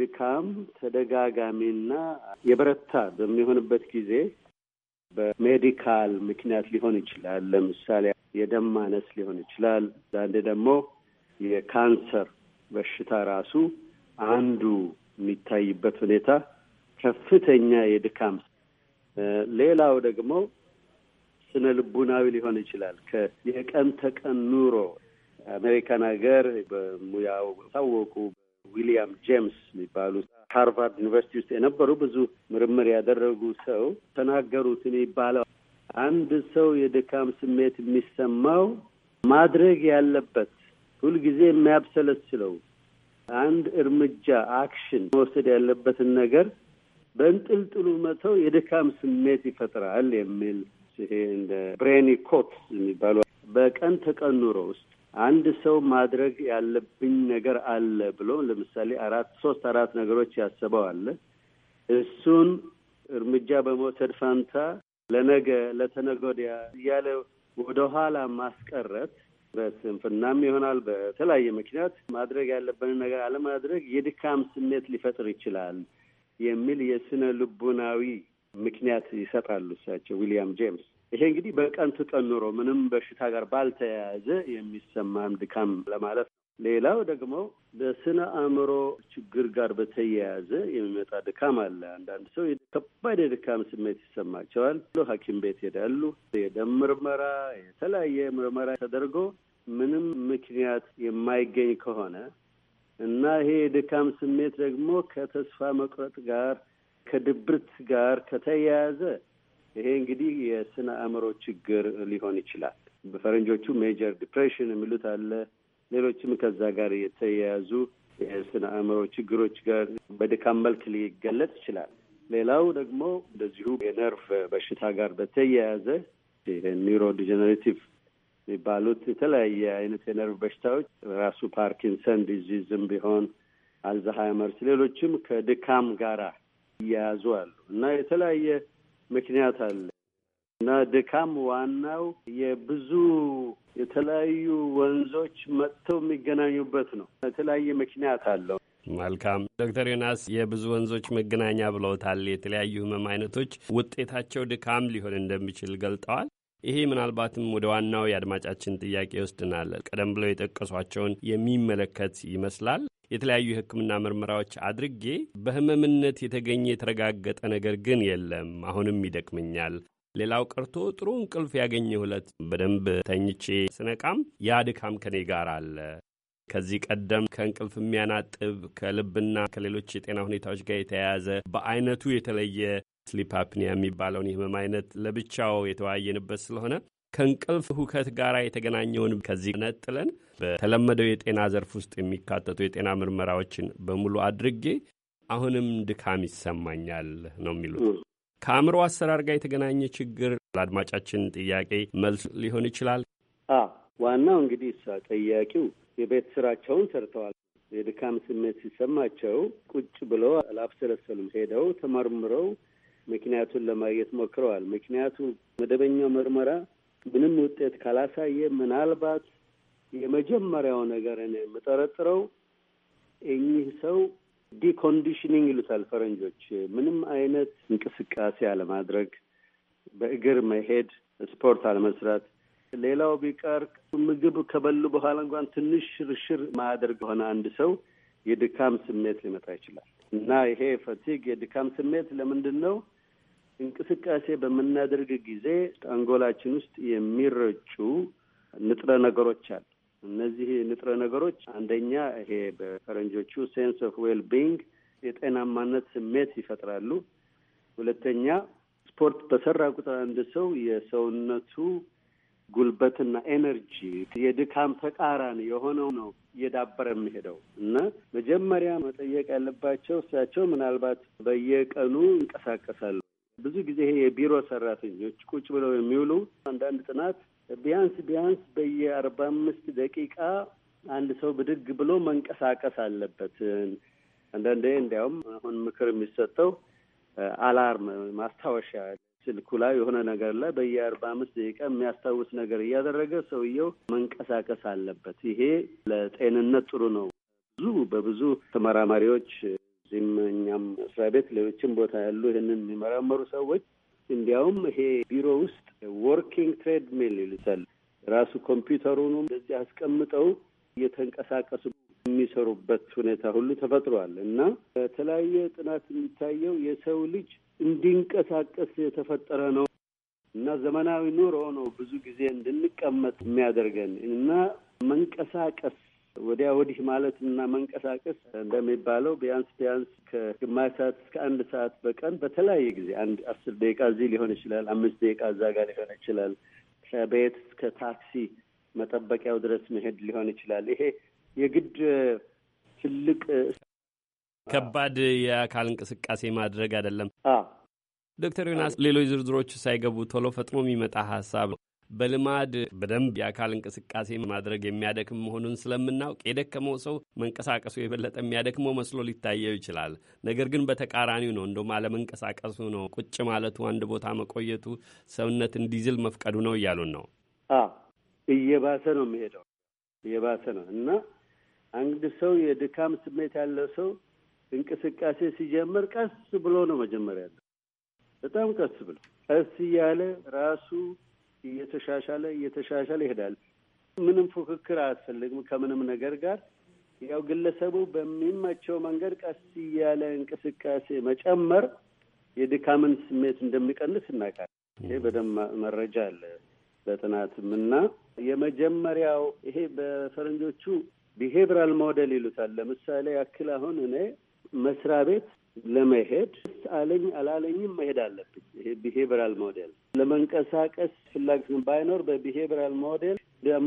ድካም ተደጋጋሚና የበረታ በሚሆንበት ጊዜ በሜዲካል ምክንያት ሊሆን ይችላል። ለምሳሌ የደም ማነስ ሊሆን ይችላል። አንዴ ደግሞ የካንሰር በሽታ ራሱ አንዱ የሚታይበት ሁኔታ ከፍተኛ የድካም ሌላው ደግሞ ስነ ልቡናዊ ሊሆን ይችላል። የቀን ተቀን ኑሮ አሜሪካን ሀገር በሙያው ታወቁ ዊሊያም ጄምስ የሚባሉት ሃርቫርድ ዩኒቨርሲቲ ውስጥ የነበሩ ብዙ ምርምር ያደረጉ ሰው ተናገሩት። እኔ ይባለው አንድ ሰው የድካም ስሜት የሚሰማው ማድረግ ያለበት ሁልጊዜ የሚያብሰለስለው አንድ እርምጃ አክሽን መወሰድ ያለበትን ነገር በእንጥልጥሉ መተው የድካም ስሜት ይፈጥራል የሚል ይሄ እንደ ብሬኒ ኮት የሚባሉ በቀን ተቀን ኑሮ ውስጥ አንድ ሰው ማድረግ ያለብኝ ነገር አለ ብሎ ለምሳሌ አራት ሶስት አራት ነገሮች ያሰበው አለ። እሱን እርምጃ በመውሰድ ፋንታ ለነገ ለተነገ እያለ ወደኋላ ማስቀረት በስንፍናም ይሆናል በተለያየ ምክንያት ማድረግ ያለብንን ነገር አለማድረግ የድካም ስሜት ሊፈጥር ይችላል የሚል የስነ ልቡናዊ ምክንያት ይሰጣሉ እሳቸው ዊሊያም ጄምስ። ይሄ እንግዲህ በቀን ኑሮ ምንም በሽታ ጋር ባልተያያዘ የሚሰማም ድካም ለማለት ነው። ሌላው ደግሞ በስነ አእምሮ ችግር ጋር በተያያዘ የሚመጣ ድካም አለ። አንዳንድ ሰው ከባድ የድካም ስሜት ይሰማቸዋል። ሐኪም ቤት ሄዳሉ። የደም ምርመራ፣ የተለያየ ምርመራ ተደርጎ ምንም ምክንያት የማይገኝ ከሆነ እና ይሄ የድካም ስሜት ደግሞ ከተስፋ መቁረጥ ጋር ከድብርት ጋር ከተያያዘ ይሄ እንግዲህ የስነ አእምሮ ችግር ሊሆን ይችላል። በፈረንጆቹ ሜጀር ዲፕሬሽን የሚሉት አለ። ሌሎችም ከዛ ጋር የተያያዙ የስነ አእምሮ ችግሮች ጋር በድካም መልክ ሊገለጥ ይችላል። ሌላው ደግሞ እንደዚሁ የነርቭ በሽታ ጋር በተያያዘ ኒውሮ ዲጀነሬቲቭ የሚባሉት የተለያየ አይነት የነርቭ በሽታዎች ራሱ ፓርኪንሰን ዲዚዝም ቢሆን አልዛሃይመርስ፣ ሌሎችም ከድካም ጋራ እያያዙ አሉ እና የተለያየ ምክንያት አለ እና ድካም ዋናው የብዙ የተለያዩ ወንዞች መጥተው የሚገናኙበት ነው። የተለያየ ምክንያት አለው። መልካም ዶክተር ዮናስ የብዙ ወንዞች መገናኛ ብለውታል። የተለያዩ ህመም አይነቶች ውጤታቸው ድካም ሊሆን እንደሚችል ገልጠዋል። ይሄ ምናልባትም ወደ ዋናው የአድማጫችን ጥያቄ ይወስድናል። ቀደም ብለው የጠቀሷቸውን የሚመለከት ይመስላል። የተለያዩ የሕክምና ምርመራዎች አድርጌ በህመምነት የተገኘ የተረጋገጠ ነገር ግን የለም፣ አሁንም ይደክመኛል። ሌላው ቀርቶ ጥሩ እንቅልፍ ያገኘ ዕለት በደንብ ተኝቼ ስነቃም ያ ድካም ከኔ ጋር አለ። ከዚህ ቀደም ከእንቅልፍ የሚያናጥብ ከልብና ከሌሎች የጤና ሁኔታዎች ጋር የተያያዘ በአይነቱ የተለየ ስሊፕ አፕኒያ የሚባለውን የህመም አይነት ለብቻው የተወያየንበት ስለሆነ ከእንቅልፍ ሁከት ጋር የተገናኘውን ከዚህ ነጥለን በተለመደው የጤና ዘርፍ ውስጥ የሚካተቱ የጤና ምርመራዎችን በሙሉ አድርጌ አሁንም ድካም ይሰማኛል ነው የሚሉት። ከአእምሮ አሰራር ጋር የተገናኘ ችግር ለአድማጫችን ጥያቄ መልስ ሊሆን ይችላል። ዋናው እንግዲህ እሷ ጠያቂው የቤት ስራቸውን ሰርተዋል። የድካም ስሜት ሲሰማቸው ቁጭ ብለው አላብሰለሰሉም። ሄደው ተመርምረው ምክንያቱን ለማግኘት ሞክረዋል። ምክንያቱ መደበኛው ምርመራ ምንም ውጤት ካላሳየ ምናልባት የመጀመሪያው ነገር እኔ የምጠረጥረው እኚህ ሰው ዲኮንዲሽኒንግ ይሉታል ፈረንጆች። ምንም አይነት እንቅስቃሴ አለማድረግ፣ በእግር መሄድ፣ ስፖርት አለመስራት፣ ሌላው ቢቀር ምግብ ከበሉ በኋላ እንኳን ትንሽ ሽርሽር ማያደርግ የሆነ አንድ ሰው የድካም ስሜት ሊመጣ ይችላል እና ይሄ ፈቲግ የድካም ስሜት ለምንድን ነው እንቅስቃሴ በምናደርግ ጊዜ አንጎላችን ውስጥ የሚረጩ ንጥረ ነገሮች አሉ። እነዚህ ንጥረ ነገሮች አንደኛ ይሄ በፈረንጆቹ ሴንስ ኦፍ ዌል ቢንግ የጤናማነት ስሜት ይፈጥራሉ። ሁለተኛ ስፖርት በሰራ ቁጥር አንድ ሰው የሰውነቱ ጉልበትና ኤነርጂ የድካም ተቃራኒ የሆነው ነው እየዳበረ የሚሄደው እና መጀመሪያ መጠየቅ ያለባቸው እሳቸው ምናልባት በየቀኑ ይንቀሳቀሳሉ። ብዙ ጊዜ ይሄ የቢሮ ሰራተኞች ቁጭ ብለው የሚውሉ አንዳንድ ጥናት ቢያንስ ቢያንስ በየአርባ አምስት ደቂቃ አንድ ሰው ብድግ ብሎ መንቀሳቀስ አለበት። አንዳንዴ እንዲያውም አሁን ምክር የሚሰጠው አላርም ማስታወሻ ስልኩ ላይ የሆነ ነገር ላይ በየአርባ አምስት ደቂቃ የሚያስታውስ ነገር እያደረገ ሰውየው መንቀሳቀስ አለበት። ይሄ ለጤንነት ጥሩ ነው። ብዙ በብዙ ተመራማሪዎች እዚህም እኛም መስሪያ ቤት፣ ሌሎችም ቦታ ያሉ ይህንን የሚመራመሩ ሰዎች እንዲያውም ይሄ ቢሮ ውስጥ ወርኪንግ ትሬድ ሚል ይሉታል ራሱ ኮምፒውተሩንም እንደዚህ አስቀምጠው እየተንቀሳቀሱ የሚሰሩበት ሁኔታ ሁሉ ተፈጥሯል እና በተለያየ ጥናት የሚታየው የሰው ልጅ እንዲንቀሳቀስ የተፈጠረ ነው እና ዘመናዊ ኑሮ ነው ብዙ ጊዜ እንድንቀመጥ የሚያደርገን እና መንቀሳቀስ ወዲያ ወዲህ ማለት እና መንቀሳቀስ እንደሚባለው ቢያንስ ቢያንስ ከግማሽ ሰዓት እስከ አንድ ሰዓት በቀን በተለያየ ጊዜ አንድ አስር ደቂቃ እዚህ ሊሆን ይችላል፣ አምስት ደቂቃ እዛ ጋር ሊሆን ይችላል። ከቤት እስከ ታክሲ መጠበቂያው ድረስ መሄድ ሊሆን ይችላል። ይሄ የግድ ትልቅ ከባድ የአካል እንቅስቃሴ ማድረግ አይደለም። ዶክተር ዮናስ ሌሎች ዝርዝሮች ሳይገቡ ቶሎ ፈጥኖ የሚመጣ ሀሳብ በልማድ በደንብ የአካል እንቅስቃሴ ማድረግ የሚያደክም መሆኑን ስለምናውቅ የደከመው ሰው መንቀሳቀሱ የበለጠ የሚያደክመው መስሎ ሊታየው ይችላል። ነገር ግን በተቃራኒው ነው። እንደውም አለመንቀሳቀሱ ነው፣ ቁጭ ማለቱ፣ አንድ ቦታ መቆየቱ ሰውነት እንዲዝል መፍቀዱ ነው እያሉን ነው። እየባሰ ነው የሚሄደው፣ እየባሰ ነው እና አንድ ሰው የድካም ስሜት ያለው ሰው እንቅስቃሴ ሲጀምር ቀስ ብሎ ነው መጀመሪያ ያለው፣ በጣም ቀስ ብሎ ቀስ እያለ ራሱ እየተሻሻለ እየተሻሻለ ይሄዳል። ምንም ፉክክር አያስፈልግም ከምንም ነገር ጋር። ያው ግለሰቡ በሚመቸው መንገድ ቀስ እያለ እንቅስቃሴ መጨመር የድካምን ስሜት እንደሚቀንስ እናውቃለን። ይሄ በደንብ መረጃ አለ በጥናትም እና የመጀመሪያው ይሄ በፈረንጆቹ ቢሄቭራል ሞዴል ይሉታል። ለምሳሌ ያክል አሁን እኔ መስሪያ ቤት ለመሄድ አለኝ አላለኝም መሄድ አለብኝ። ይሄ ቢሄቨራል ሞዴል ለመንቀሳቀስ ፍላጎትን ባይኖር በቢሄቨራል ሞዴል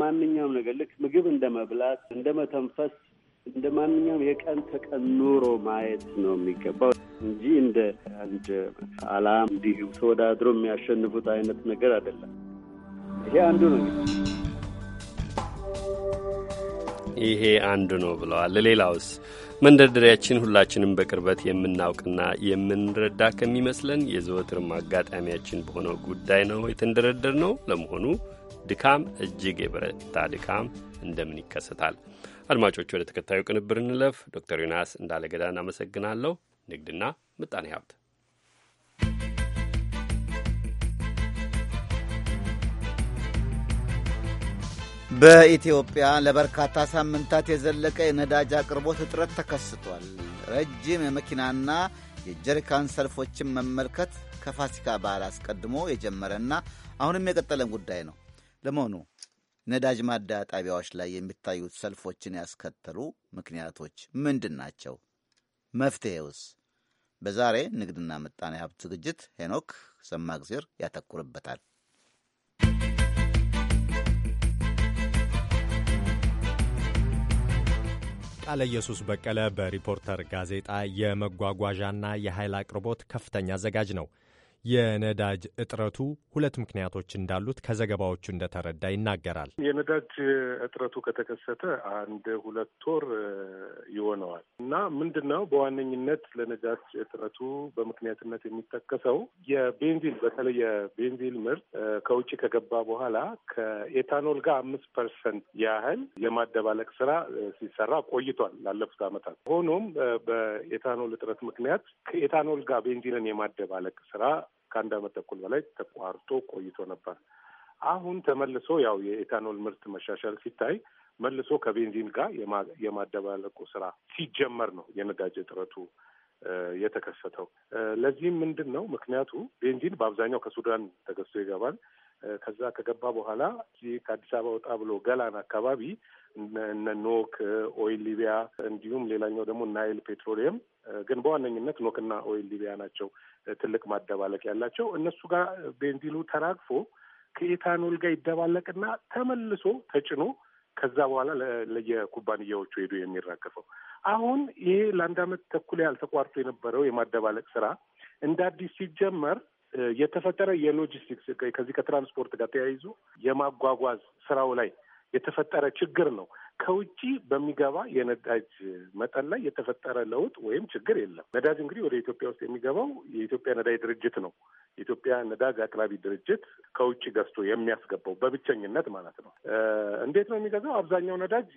ማንኛውም ነገር ልክ ምግብ እንደ መብላት፣ እንደ መተንፈስ፣ እንደ ማንኛውም የቀን ተቀን ኑሮ ማየት ነው የሚገባው እንጂ እንደ አንድ አላም እንዲሁ ተወዳድሮ የሚያሸንፉት አይነት ነገር አይደለም። ይሄ አንዱ ነው ይሄ አንዱ ነው ብለዋል። ሌላውስ መንደርደሪያችን ሁላችንም በቅርበት የምናውቅና የምንረዳ ከሚመስለን የዘወትር አጋጣሚያችን በሆነው ጉዳይ ነው የተንደረደር ነው። ለመሆኑ ድካም፣ እጅግ የበረታ ድካም እንደምን ይከሰታል? አድማጮች ወደ ተከታዩ ቅንብር እንለፍ። ዶክተር ዮናስ እንዳለገዳ እናመሰግናለሁ። ንግድና ምጣኔ ሀብት በኢትዮጵያ ለበርካታ ሳምንታት የዘለቀ የነዳጅ አቅርቦት እጥረት ተከስቷል። ረጅም የመኪናና የጀሪካን ሰልፎችን መመልከት ከፋሲካ በዓል አስቀድሞ የጀመረና አሁንም የቀጠለን ጉዳይ ነው። ለመሆኑ ነዳጅ ማደያ ጣቢያዎች ላይ የሚታዩት ሰልፎችን ያስከተሉ ምክንያቶች ምንድን ናቸው? መፍትሄውስ? በዛሬ ንግድና ምጣኔ ሀብት ዝግጅት ሄኖክ ሰማግዜር ያተኩርበታል። ቃለ ኢየሱስ በቀለ በሪፖርተር ጋዜጣ የመጓጓዣና የኃይል አቅርቦት ከፍተኛ አዘጋጅ ነው። የነዳጅ እጥረቱ ሁለት ምክንያቶች እንዳሉት ከዘገባዎቹ እንደተረዳ ይናገራል። የነዳጅ እጥረቱ ከተከሰተ አንድ ሁለት ወር ይሆነዋል እና ምንድን ነው በዋነኝነት ለነዳጅ እጥረቱ በምክንያትነት የሚጠቀሰው የቤንዚን በተለይ የቤንዚን ምርት ከውጭ ከገባ በኋላ ከኤታኖል ጋር አምስት ፐርሰንት ያህል የማደባለቅ ስራ ሲሰራ ቆይቷል ላለፉት ዓመታት። ሆኖም በኤታኖል እጥረት ምክንያት ከኤታኖል ጋር ቤንዚንን የማደባለቅ ስራ ከአንድ አመት ተኩል በላይ ተቋርጦ ቆይቶ ነበር። አሁን ተመልሶ ያው የኤታኖል ምርት መሻሻል ሲታይ መልሶ ከቤንዚን ጋር የማደባለቁ ስራ ሲጀመር ነው የነዳጅ እጥረቱ የተከሰተው። ለዚህም ምንድን ነው ምክንያቱ? ቤንዚን በአብዛኛው ከሱዳን ተገዝቶ ይገባል። ከዛ ከገባ በኋላ ከአዲስ አበባ ወጣ ብሎ ገላን አካባቢ እነ ኖክ ኦይል ሊቢያ እንዲሁም ሌላኛው ደግሞ ናይል ፔትሮሊየም ግን በዋነኝነት ኖክና ኦይል ሊቢያ ናቸው ትልቅ ማደባለቅ ያላቸው። እነሱ ጋር ቤንዚሉ ተራግፎ ከኤታኖል ጋር ይደባለቅና ተመልሶ ተጭኖ ከዛ በኋላ ለየኩባንያዎቹ ሄዱ የሚራገፈው። አሁን ይሄ ለአንድ ዓመት ተኩል ያህል ተቋርጦ የነበረው የማደባለቅ ስራ እንደ አዲስ ሲጀመር የተፈጠረ የሎጂስቲክስ ከዚህ ከትራንስፖርት ጋር ተያይዞ የማጓጓዝ ስራው ላይ የተፈጠረ ችግር ነው። ከውጭ በሚገባ የነዳጅ መጠን ላይ የተፈጠረ ለውጥ ወይም ችግር የለም። ነዳጅ እንግዲህ ወደ ኢትዮጵያ ውስጥ የሚገባው የኢትዮጵያ ነዳጅ ድርጅት ነው። የኢትዮጵያ ነዳጅ አቅራቢ ድርጅት ከውጭ ገዝቶ የሚያስገባው በብቸኝነት ማለት ነው። እንዴት ነው የሚገዛው? አብዛኛው ነዳጅ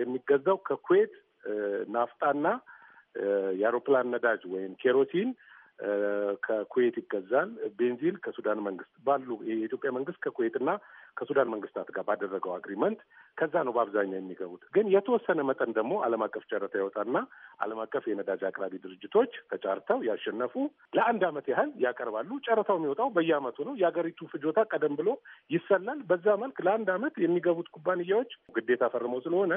የሚገዛው ከኩዌት ናፍጣና የአውሮፕላን ነዳጅ ወይም ኬሮሲን ከኩዌት ይገዛል። ቤንዚል ከሱዳን መንግስት ባሉ የኢትዮጵያ መንግስት ከኩዌትና ከሱዳን መንግስታት ጋር ባደረገው አግሪመንት ከዛ ነው በአብዛኛው የሚገቡት። ግን የተወሰነ መጠን ደግሞ ዓለም አቀፍ ጨረታ ይወጣና ዓለም አቀፍ የነዳጅ አቅራቢ ድርጅቶች ተጫርተው ያሸነፉ ለአንድ ዓመት ያህል ያቀርባሉ። ጨረታው የሚወጣው በየዓመቱ ነው። የሀገሪቱ ፍጆታ ቀደም ብሎ ይሰላል። በዛ መልክ ለአንድ ዓመት የሚገቡት ኩባንያዎች ግዴታ ፈርመው ስለሆነ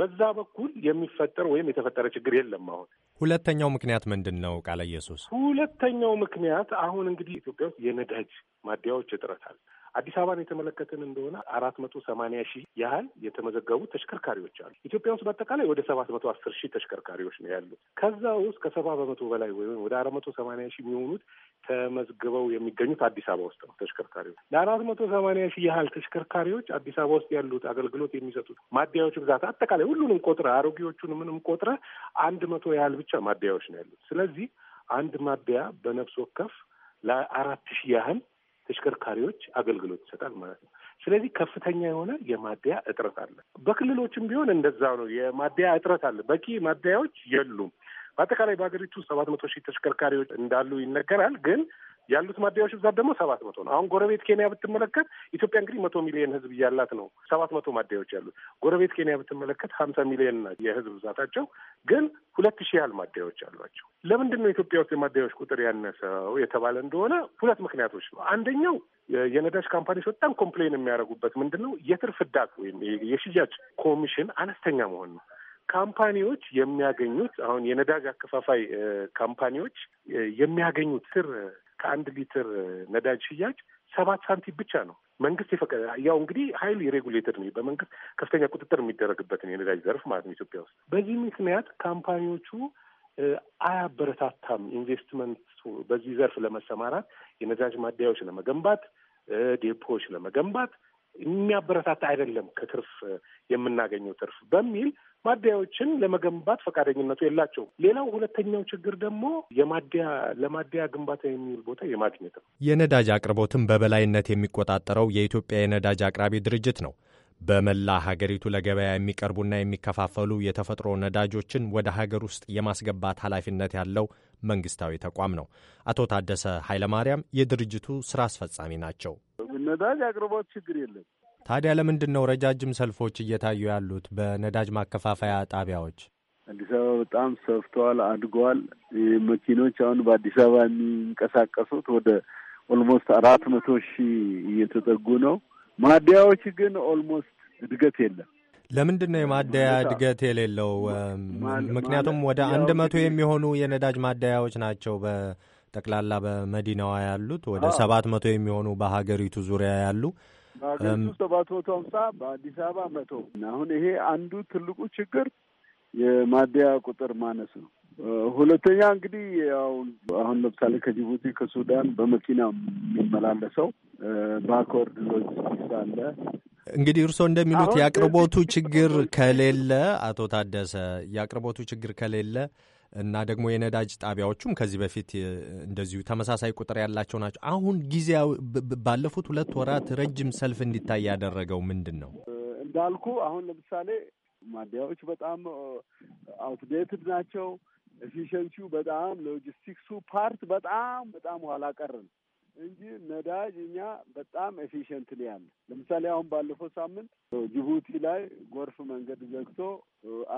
በዛ በኩል የሚፈጠር ወይም የተፈጠረ ችግር የለም። አሁን ሁለተኛው ምክንያት ምንድን ነው? ቃለ ኢየሱስ፣ ሁለተኛው ምክንያት አሁን እንግዲህ ኢትዮጵያ ውስጥ የነዳጅ ማደያዎች እጥረት አለ። አዲስ አበባን የተመለከትን እንደሆነ አራት መቶ ሰማኒያ ሺህ ያህል የተመዘገቡ ተሽከርካሪዎች አሉ። ኢትዮጵያ ውስጥ በአጠቃላይ ወደ ሰባት መቶ አስር ሺህ ተሽከርካሪዎች ነው ያሉት። ከዛ ውስጥ ከሰባ በመቶ በላይ ወይም ወደ አራት መቶ ሰማኒያ ሺህ የሚሆኑት ተመዝግበው የሚገኙት አዲስ አበባ ውስጥ ነው። ተሽከርካሪዎች ለአራት መቶ ሰማኒያ ሺህ ያህል ተሽከርካሪዎች አዲስ አበባ ውስጥ ያሉት አገልግሎት የሚሰጡት ማደያዎች ብዛት አጠቃላይ ሁሉንም ቆጥረ አሮጌዎቹን ምንም ቆጥረ አንድ መቶ ያህል ብቻ ማደያዎች ነው ያሉት። ስለዚህ አንድ ማደያ በነፍስ ወከፍ ለአራት ሺህ ያህል ተሽከርካሪዎች አገልግሎት ይሰጣል ማለት ነው። ስለዚህ ከፍተኛ የሆነ የማደያ እጥረት አለ። በክልሎችም ቢሆን እንደዛው ነው። የማደያ እጥረት አለ። በቂ ማደያዎች የሉም። በአጠቃላይ በሀገሪቱ ሰባት መቶ ሺህ ተሽከርካሪዎች እንዳሉ ይነገራል። ግን ያሉት ማደያዎች ብዛት ደግሞ ሰባት መቶ ነው። አሁን ጎረቤት ኬንያ ብትመለከት ኢትዮጵያ እንግዲህ መቶ ሚሊዮን ህዝብ እያላት ነው ሰባት መቶ ማደያዎች ያሉት። ጎረቤት ኬንያ ብትመለከት ሀምሳ ሚሊዮን የህዝብ ብዛታቸው ግን ሁለት ሺህ ያህል ማደያዎች አሏቸው። ለምንድን ነው ኢትዮጵያ ውስጥ የማደያዎች ቁጥር ያነሰው የተባለ እንደሆነ ሁለት ምክንያቶች ነው። አንደኛው የነዳጅ ካምፓኒዎች በጣም ኮምፕሌን የሚያደርጉበት ምንድን ነው የትርፍ ዳክ ወይም የሽያጭ ኮሚሽን አነስተኛ መሆን ነው። ካምፓኒዎች የሚያገኙት አሁን የነዳጅ አከፋፋይ ካምፓኒዎች የሚያገኙት ስር ከአንድ ሊትር ነዳጅ ሽያጭ ሰባት ሳንቲም ብቻ ነው መንግስት የፈቀደ። ያው እንግዲህ ሀይል ሬጉሌትድ ነው በመንግስት ከፍተኛ ቁጥጥር የሚደረግበትን የነዳጅ ዘርፍ ማለት ነው ኢትዮጵያ ውስጥ። በዚህ ምክንያት ካምፓኒዎቹ አያበረታታም ኢንቨስትመንት በዚህ ዘርፍ ለመሰማራት የነዳጅ ማደያዎች ለመገንባት ዴፖዎች ለመገንባት የሚያበረታታ አይደለም ከትርፍ የምናገኘው ትርፍ በሚል ማደያዎችን ለመገንባት ፈቃደኝነቱ የላቸውም። ሌላው ሁለተኛው ችግር ደግሞ የማደያ ለማደያ ግንባታ የሚውል ቦታ የማግኘት ነው። የነዳጅ አቅርቦትን በበላይነት የሚቆጣጠረው የኢትዮጵያ የነዳጅ አቅራቢ ድርጅት ነው። በመላ ሀገሪቱ ለገበያ የሚቀርቡና የሚከፋፈሉ የተፈጥሮ ነዳጆችን ወደ ሀገር ውስጥ የማስገባት ኃላፊነት ያለው መንግስታዊ ተቋም ነው። አቶ ታደሰ ኃይለማርያም የድርጅቱ ስራ አስፈጻሚ ናቸው። ነዳጅ አቅርቦት ችግር የለም። ታዲያ ለምንድን ነው ረጃጅም ሰልፎች እየታዩ ያሉት በነዳጅ ማከፋፈያ ጣቢያዎች? አዲስ አበባ በጣም ሰፍተዋል፣ አድገዋል። መኪኖች አሁን በአዲስ አበባ የሚንቀሳቀሱት ወደ ኦልሞስት አራት መቶ ሺህ እየተጠጉ ነው። ማደያዎች ግን ኦልሞስት እድገት የለም። ለምንድን ነው የማደያ እድገት የሌለው? ምክንያቱም ወደ አንድ መቶ የሚሆኑ የነዳጅ ማደያዎች ናቸው ጠቅላላ በመዲናዋ ያሉት ወደ ሰባት መቶ የሚሆኑ በሀገሪቱ ዙሪያ ያሉ በሀገሪቱ ሰባት መቶ ሀምሳ በአዲስ አበባ መቶ አሁን ይሄ አንዱ ትልቁ ችግር የማደያ ቁጥር ማነስ ነው። ሁለተኛ እንግዲህ ያው አሁን ለምሳሌ ከጅቡቲ ከሱዳን በመኪና የሚመላለሰው በአኮርድ ሎጂስቲክስ አለ። እንግዲህ እርስዎ እንደሚሉት የአቅርቦቱ ችግር ከሌለ አቶ ታደሰ የአቅርቦቱ ችግር ከሌለ እና ደግሞ የነዳጅ ጣቢያዎቹም ከዚህ በፊት እንደዚሁ ተመሳሳይ ቁጥር ያላቸው ናቸው። አሁን ጊዜ ባለፉት ሁለት ወራት ረጅም ሰልፍ እንዲታይ ያደረገው ምንድን ነው? እንዳልኩ አሁን ለምሳሌ ማደያዎች በጣም አውትዴትድ ናቸው። ኤፊሽንሲው በጣም ሎጂስቲክሱ ፓርት በጣም በጣም ኋላ ቀር ነው። እንጂ ነዳጅ እኛ በጣም ኤፊሽንት ያለ ለምሳሌ አሁን ባለፈው ሳምንት ጅቡቲ ላይ ጎርፍ መንገድ ዘግቶ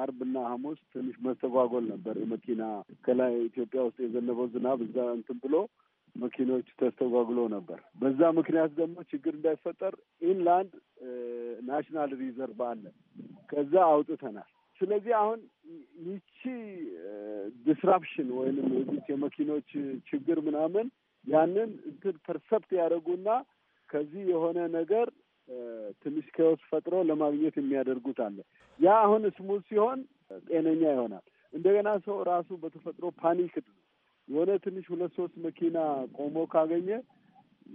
አርብና ሐሙስ ትንሽ መስተጓጎል ነበር። የመኪና ከላይ ኢትዮጵያ ውስጥ የዘነበው ዝናብ እዛ እንትን ብሎ መኪኖች ተስተጓጉሎ ነበር። በዛ ምክንያት ደግሞ ችግር እንዳይፈጠር ኢንላንድ ናሽናል ሪዘርቭ አለ። ከዛ አውጥተናል። ስለዚህ አሁን ይቺ ዲስራፕሽን ወይንም የመኪኖች ችግር ምናምን ያንን እንትን ፐርሰፕት ያደረጉና ከዚህ የሆነ ነገር ትንሽ ከውስጥ ፈጥሮ ለማግኘት የሚያደርጉት አለ። ያ አሁን ስሙዝ ሲሆን ጤነኛ ይሆናል። እንደገና ሰው ራሱ በተፈጥሮ ፓኒክ የሆነ ትንሽ ሁለት ሶስት መኪና ቆሞ ካገኘ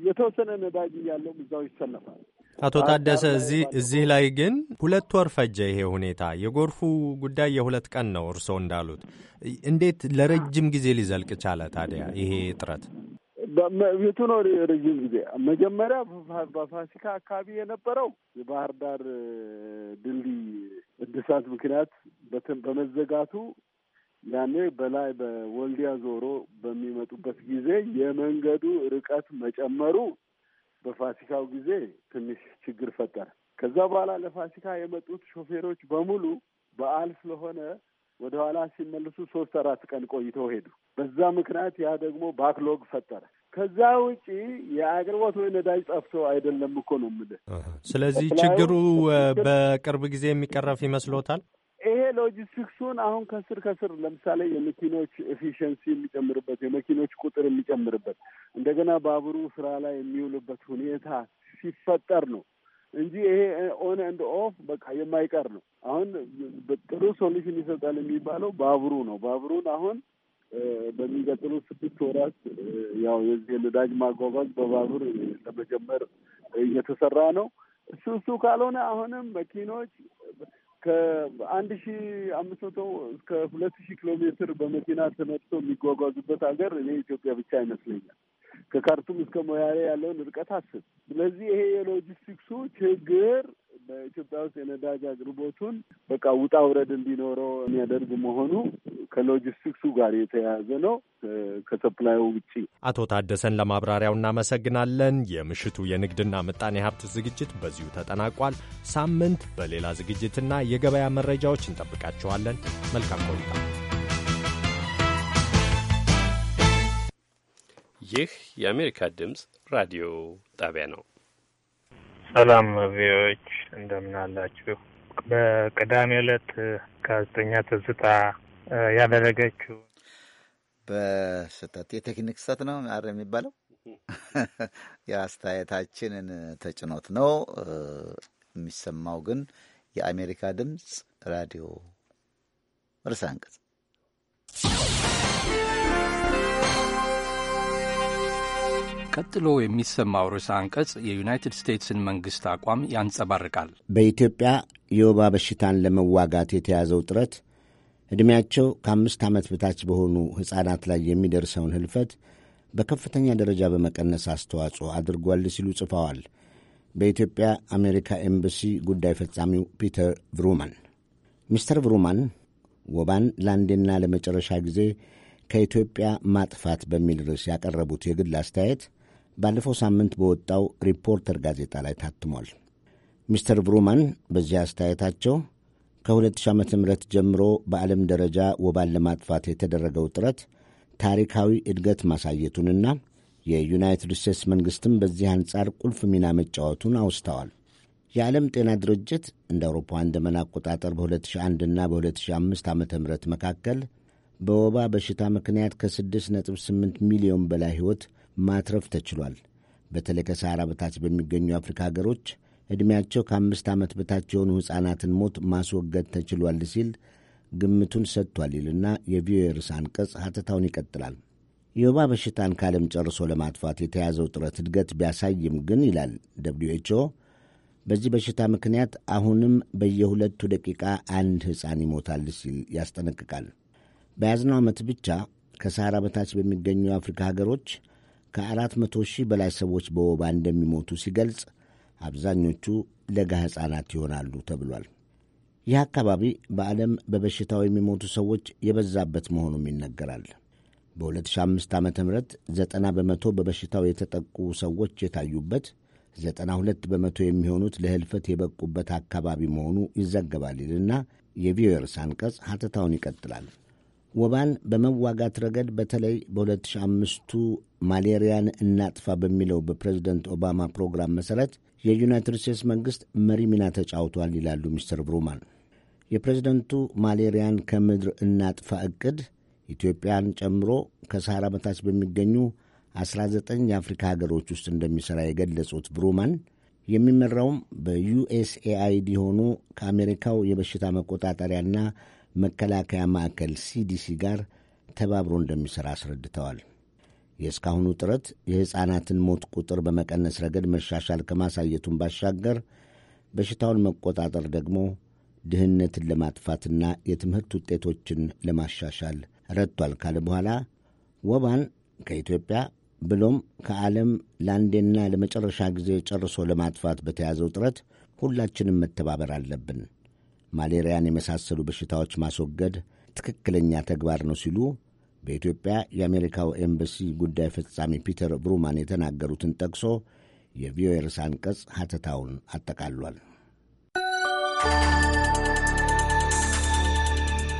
የተወሰነ ነዳጅ እያለውም እዛው ይሰለፋል። አቶ ታደሰ እዚህ እዚህ ላይ ግን ሁለት ወር ፈጀ ይሄ ሁኔታ። የጎርፉ ጉዳይ የሁለት ቀን ነው እርስዎ እንዳሉት። እንዴት ለረጅም ጊዜ ሊዘልቅ ቻለ ታዲያ ይሄ ጥረት? የቱ ነው ረዥም ጊዜ መጀመሪያ በፋሲካ አካባቢ የነበረው የባህር ዳር ድልድይ እድሳት ምክንያት በመዘጋቱ ያኔ በላይ በወልዲያ ዞሮ በሚመጡበት ጊዜ የመንገዱ ርቀት መጨመሩ በፋሲካው ጊዜ ትንሽ ችግር ፈጠረ። ከዛ በኋላ ለፋሲካ የመጡት ሾፌሮች በሙሉ በዓል ስለሆነ ወደኋላ ሲመልሱ ሶስት አራት ቀን ቆይተው ሄዱ። በዛ ምክንያት ያ ደግሞ ባክሎግ ፈጠረ። ከዛ ውጪ የአቅርቦት ወይ ነዳጅ ጠፍቶ አይደለም እኮ ነው የምልህ። ስለዚህ ችግሩ በቅርብ ጊዜ የሚቀረፍ ይመስሎታል? ይሄ ሎጂስቲክሱን አሁን ከስር ከስር ለምሳሌ የመኪኖች ኤፊሽንሲ የሚጨምርበት የመኪኖች ቁጥር የሚጨምርበት እንደገና ባቡሩ ስራ ላይ የሚውልበት ሁኔታ ሲፈጠር ነው እንጂ ይሄ ኦን ኤንድ ኦፍ በቃ የማይቀር ነው። አሁን ጥሩ ሶሉሽን ይሰጣል የሚባለው ባቡሩ ነው። ባቡሩን አሁን በሚቀጥሉት ስድስት ወራት ያው የዚህ ነዳጅ ማጓጓዝ በባቡር ለመጀመር እየተሰራ ነው። እሱ እሱ ካልሆነ አሁንም መኪኖች ከአንድ ሺ አምስት መቶ እስከ ሁለት ሺ ኪሎ ሜትር በመኪና ተነድቶ የሚጓጓዙበት ሀገር እኔ ኢትዮጵያ ብቻ አይመስለኛል። ከካርቱም እስከ ሞያሌ ያለውን ርቀት አስብ። ስለዚህ ይሄ የሎጂስቲክሱ ችግር በኢትዮጵያ ውስጥ የነዳጅ አቅርቦቱን በቃ ውጣ ውረድ እንዲኖረው የሚያደርግ መሆኑ ከሎጂስቲክሱ ጋር የተያያዘ ነው ከሰፕላዩ ውጪ። አቶ ታደሰን ለማብራሪያው እናመሰግናለን። የምሽቱ የንግድና ምጣኔ ሀብት ዝግጅት በዚሁ ተጠናቋል። ሳምንት በሌላ ዝግጅትና የገበያ መረጃዎች እንጠብቃችኋለን። መልካም ቆይታ። ይህ የአሜሪካ ድምፅ ራዲዮ ጣቢያ ነው። ሰላም ቪዎች እንደምን አላችሁ? በቅዳሜ ዕለት ጋዜጠኛ ትዝታ ያደረገችው በስህተት የቴክኒክ ስህተት ነው አር የሚባለው የአስተያየታችንን ተጭኖት ነው የሚሰማው። ግን የአሜሪካ ድምፅ ራዲዮ ርዕሰ አንቀጽ ቀጥሎ የሚሰማው ርዕሰ አንቀጽ የዩናይትድ ስቴትስን መንግሥት አቋም ያንጸባርቃል። በኢትዮጵያ የወባ በሽታን ለመዋጋት የተያዘው ጥረት ዕድሜያቸው ከአምስት ዓመት በታች በሆኑ ሕፃናት ላይ የሚደርሰውን ህልፈት በከፍተኛ ደረጃ በመቀነስ አስተዋጽኦ አድርጓል ሲሉ ጽፈዋል። በኢትዮጵያ አሜሪካ ኤምባሲ ጉዳይ ፈጻሚው ፒተር ቭሩማን። ሚስተር ቭሩማን ወባን ለአንዴና ለመጨረሻ ጊዜ ከኢትዮጵያ ማጥፋት በሚል ርዕስ ያቀረቡት የግል አስተያየት ባለፈው ሳምንት በወጣው ሪፖርተር ጋዜጣ ላይ ታትሟል። ሚስተር ብሩማን በዚህ አስተያየታቸው ከ2000 ዓ ም ጀምሮ በዓለም ደረጃ ወባን ለማጥፋት የተደረገው ጥረት ታሪካዊ እድገት ማሳየቱንና የዩናይትድ ስቴትስ መንግሥትም በዚህ አንጻር ቁልፍ ሚና መጫወቱን አውስተዋል። የዓለም ጤና ድርጅት እንደ አውሮፓውያን ዘመን አቆጣጠር በ2001 እና በ2005 ዓ ም መካከል በወባ በሽታ ምክንያት ከ6.8 ሚሊዮን በላይ ሕይወት ማትረፍ ተችሏል። በተለይ ከሰሃራ በታች በሚገኙ የአፍሪካ ሀገሮች ዕድሜያቸው ከአምስት ዓመት በታች የሆኑ ሕፃናትን ሞት ማስወገድ ተችሏል ሲል ግምቱን ሰጥቷል ይልና የቪኦኤ ርዕሰ አንቀጽ ሐተታውን ይቀጥላል። የወባ በሽታን ከዓለም ጨርሶ ለማጥፋት የተያዘው ጥረት እድገት ቢያሳይም ግን ይላል ደብሊው ኤች ኦ በዚህ በሽታ ምክንያት አሁንም በየሁለቱ ደቂቃ አንድ ሕፃን ይሞታል ሲል ያስጠነቅቃል። በያዝነው ዓመት ብቻ ከሰሃራ በታች በሚገኙ የአፍሪካ ሀገሮች ከአራት መቶ ሺህ በላይ ሰዎች በወባ እንደሚሞቱ ሲገልጽ አብዛኞቹ ለጋ ሕፃናት ይሆናሉ ተብሏል። ይህ አካባቢ በዓለም በበሽታው የሚሞቱ ሰዎች የበዛበት መሆኑም ይነገራል። በ2005 ዓ ም 90 በመቶ በበሽታው የተጠቁ ሰዎች የታዩበት 92 በመቶ የሚሆኑት ለህልፈት የበቁበት አካባቢ መሆኑ ይዘገባል ይልና የቪዮርስ አንቀጽ ሐተታውን ይቀጥላል። ወባን በመዋጋት ረገድ በተለይ በ2005ቱ ማሌሪያን እናጥፋ በሚለው በፕሬዝደንት ኦባማ ፕሮግራም መሠረት የዩናይትድ ስቴትስ መንግሥት መሪ ሚና ተጫውቷል ይላሉ ሚስተር ብሩማን። የፕሬዝደንቱ ማሌሪያን ከምድር እናጥፋ እቅድ ኢትዮጵያን ጨምሮ ከሰሃራ በታች በሚገኙ 19 የአፍሪካ ሀገሮች ውስጥ እንደሚሠራ የገለጹት ብሩማን የሚመራውም በዩኤስኤአይዲ ሆኑ ከአሜሪካው የበሽታ መቆጣጠሪያና መከላከያ ማዕከል ሲዲሲ ጋር ተባብሮ እንደሚሠራ አስረድተዋል። የእስካሁኑ ጥረት የሕፃናትን ሞት ቁጥር በመቀነስ ረገድ መሻሻል ከማሳየቱን ባሻገር በሽታውን መቆጣጠር ደግሞ ድህነትን ለማጥፋትና የትምህርት ውጤቶችን ለማሻሻል ረድቷል ካለ በኋላ ወባን ከኢትዮጵያ ብሎም ከዓለም ለአንዴና ለመጨረሻ ጊዜ ጨርሶ ለማጥፋት በተያዘው ጥረት ሁላችንም መተባበር አለብን። ማሌሪያን የመሳሰሉ በሽታዎች ማስወገድ ትክክለኛ ተግባር ነው ሲሉ በኢትዮጵያ የአሜሪካው ኤምባሲ ጉዳይ ፈጻሚ ፒተር ብሩማን የተናገሩትን ጠቅሶ የቪኦኤ ርዕሰ አንቀጽ ሐተታውን አጠቃሏል።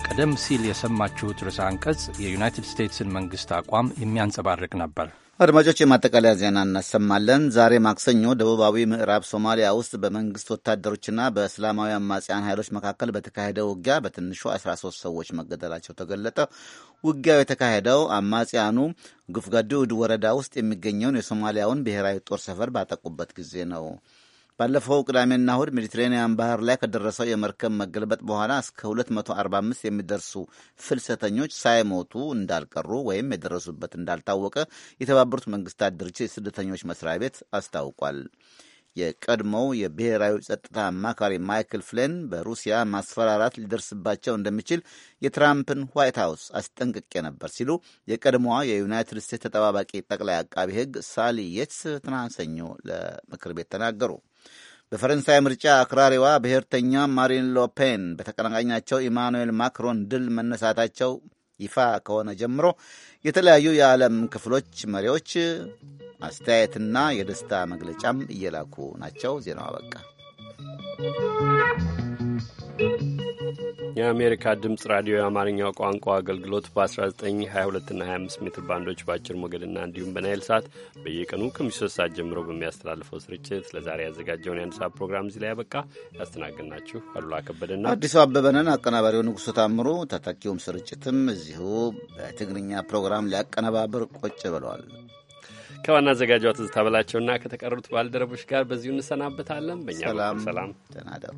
ቀደም ሲል የሰማችሁት ርዕሰ አንቀጽ የዩናይትድ ስቴትስን መንግሥት አቋም የሚያንጸባርቅ ነበር። አድማጮች የማጠቃለያ ዜና እናሰማለን። ዛሬ ማክሰኞ ደቡባዊ ምዕራብ ሶማሊያ ውስጥ በመንግስት ወታደሮችና በእስላማዊ አማጽያን ኃይሎች መካከል በተካሄደ ውጊያ በትንሹ 13 ሰዎች መገደላቸው ተገለጠ። ውጊያው የተካሄደው አማጽያኑ ጉፍጋዱድ ወረዳ ውስጥ የሚገኘውን የሶማሊያውን ብሔራዊ ጦር ሰፈር ባጠቁበት ጊዜ ነው። ባለፈው ቅዳሜና እሁድ ሜዲትሬንያን ባህር ላይ ከደረሰው የመርከብ መገልበጥ በኋላ እስከ 245 የሚደርሱ ፍልሰተኞች ሳይሞቱ እንዳልቀሩ ወይም የደረሱበት እንዳልታወቀ የተባበሩት መንግስታት ድርጅት የስደተኞች መስሪያ ቤት አስታውቋል። የቀድሞው የብሔራዊ ጸጥታ አማካሪ ማይክል ፍሌን በሩሲያ ማስፈራራት ሊደርስባቸው እንደሚችል የትራምፕን ዋይት ሀውስ አስጠንቅቄ ነበር ሲሉ የቀድሞዋ የዩናይትድ ስቴትስ ተጠባባቂ ጠቅላይ አቃቢ ሕግ ሳሊ የትስ ትናንት ሰኞ ለምክር ቤት ተናገሩ። በፈረንሳይ ምርጫ አክራሪዋ ብሔርተኛ ማሪን ሎፔን በተቀናቃኛቸው ኢማኑኤል ማክሮን ድል መነሳታቸው ይፋ ከሆነ ጀምሮ የተለያዩ የዓለም ክፍሎች መሪዎች አስተያየትና የደስታ መግለጫም እየላኩ ናቸው። ዜናው አበቃ። የአሜሪካ ድምፅ ራዲዮ የአማርኛው ቋንቋ አገልግሎት በ1922 እና 25 ሜትር ባንዶች በአጭር ሞገድና እንዲሁም በናይል ሰዓት በየቀኑ ከምሽቱ ሶስት ሰዓት ጀምሮ በሚያስተላልፈው ስርጭት ለዛሬ ያዘጋጀውን የአንድ ሰዓት ፕሮግራም እዚህ ላይ ያበቃ። ያስተናግናችሁ አሉላ ከበደና አዲሱ አበበንን፣ አቀናባሪው ንጉሱ ታምሩ፣ ተተኪውም ስርጭትም እዚሁ በትግርኛ ፕሮግራም ሊያቀነባብር ቆጭ ብለዋል። ከዋና አዘጋጇ ትዝታ በላቸውና ከተቀሩት ባልደረቦች ጋር በዚሁ እንሰናበታለን። በእኛ ሰላም ሰላም ተናደሩ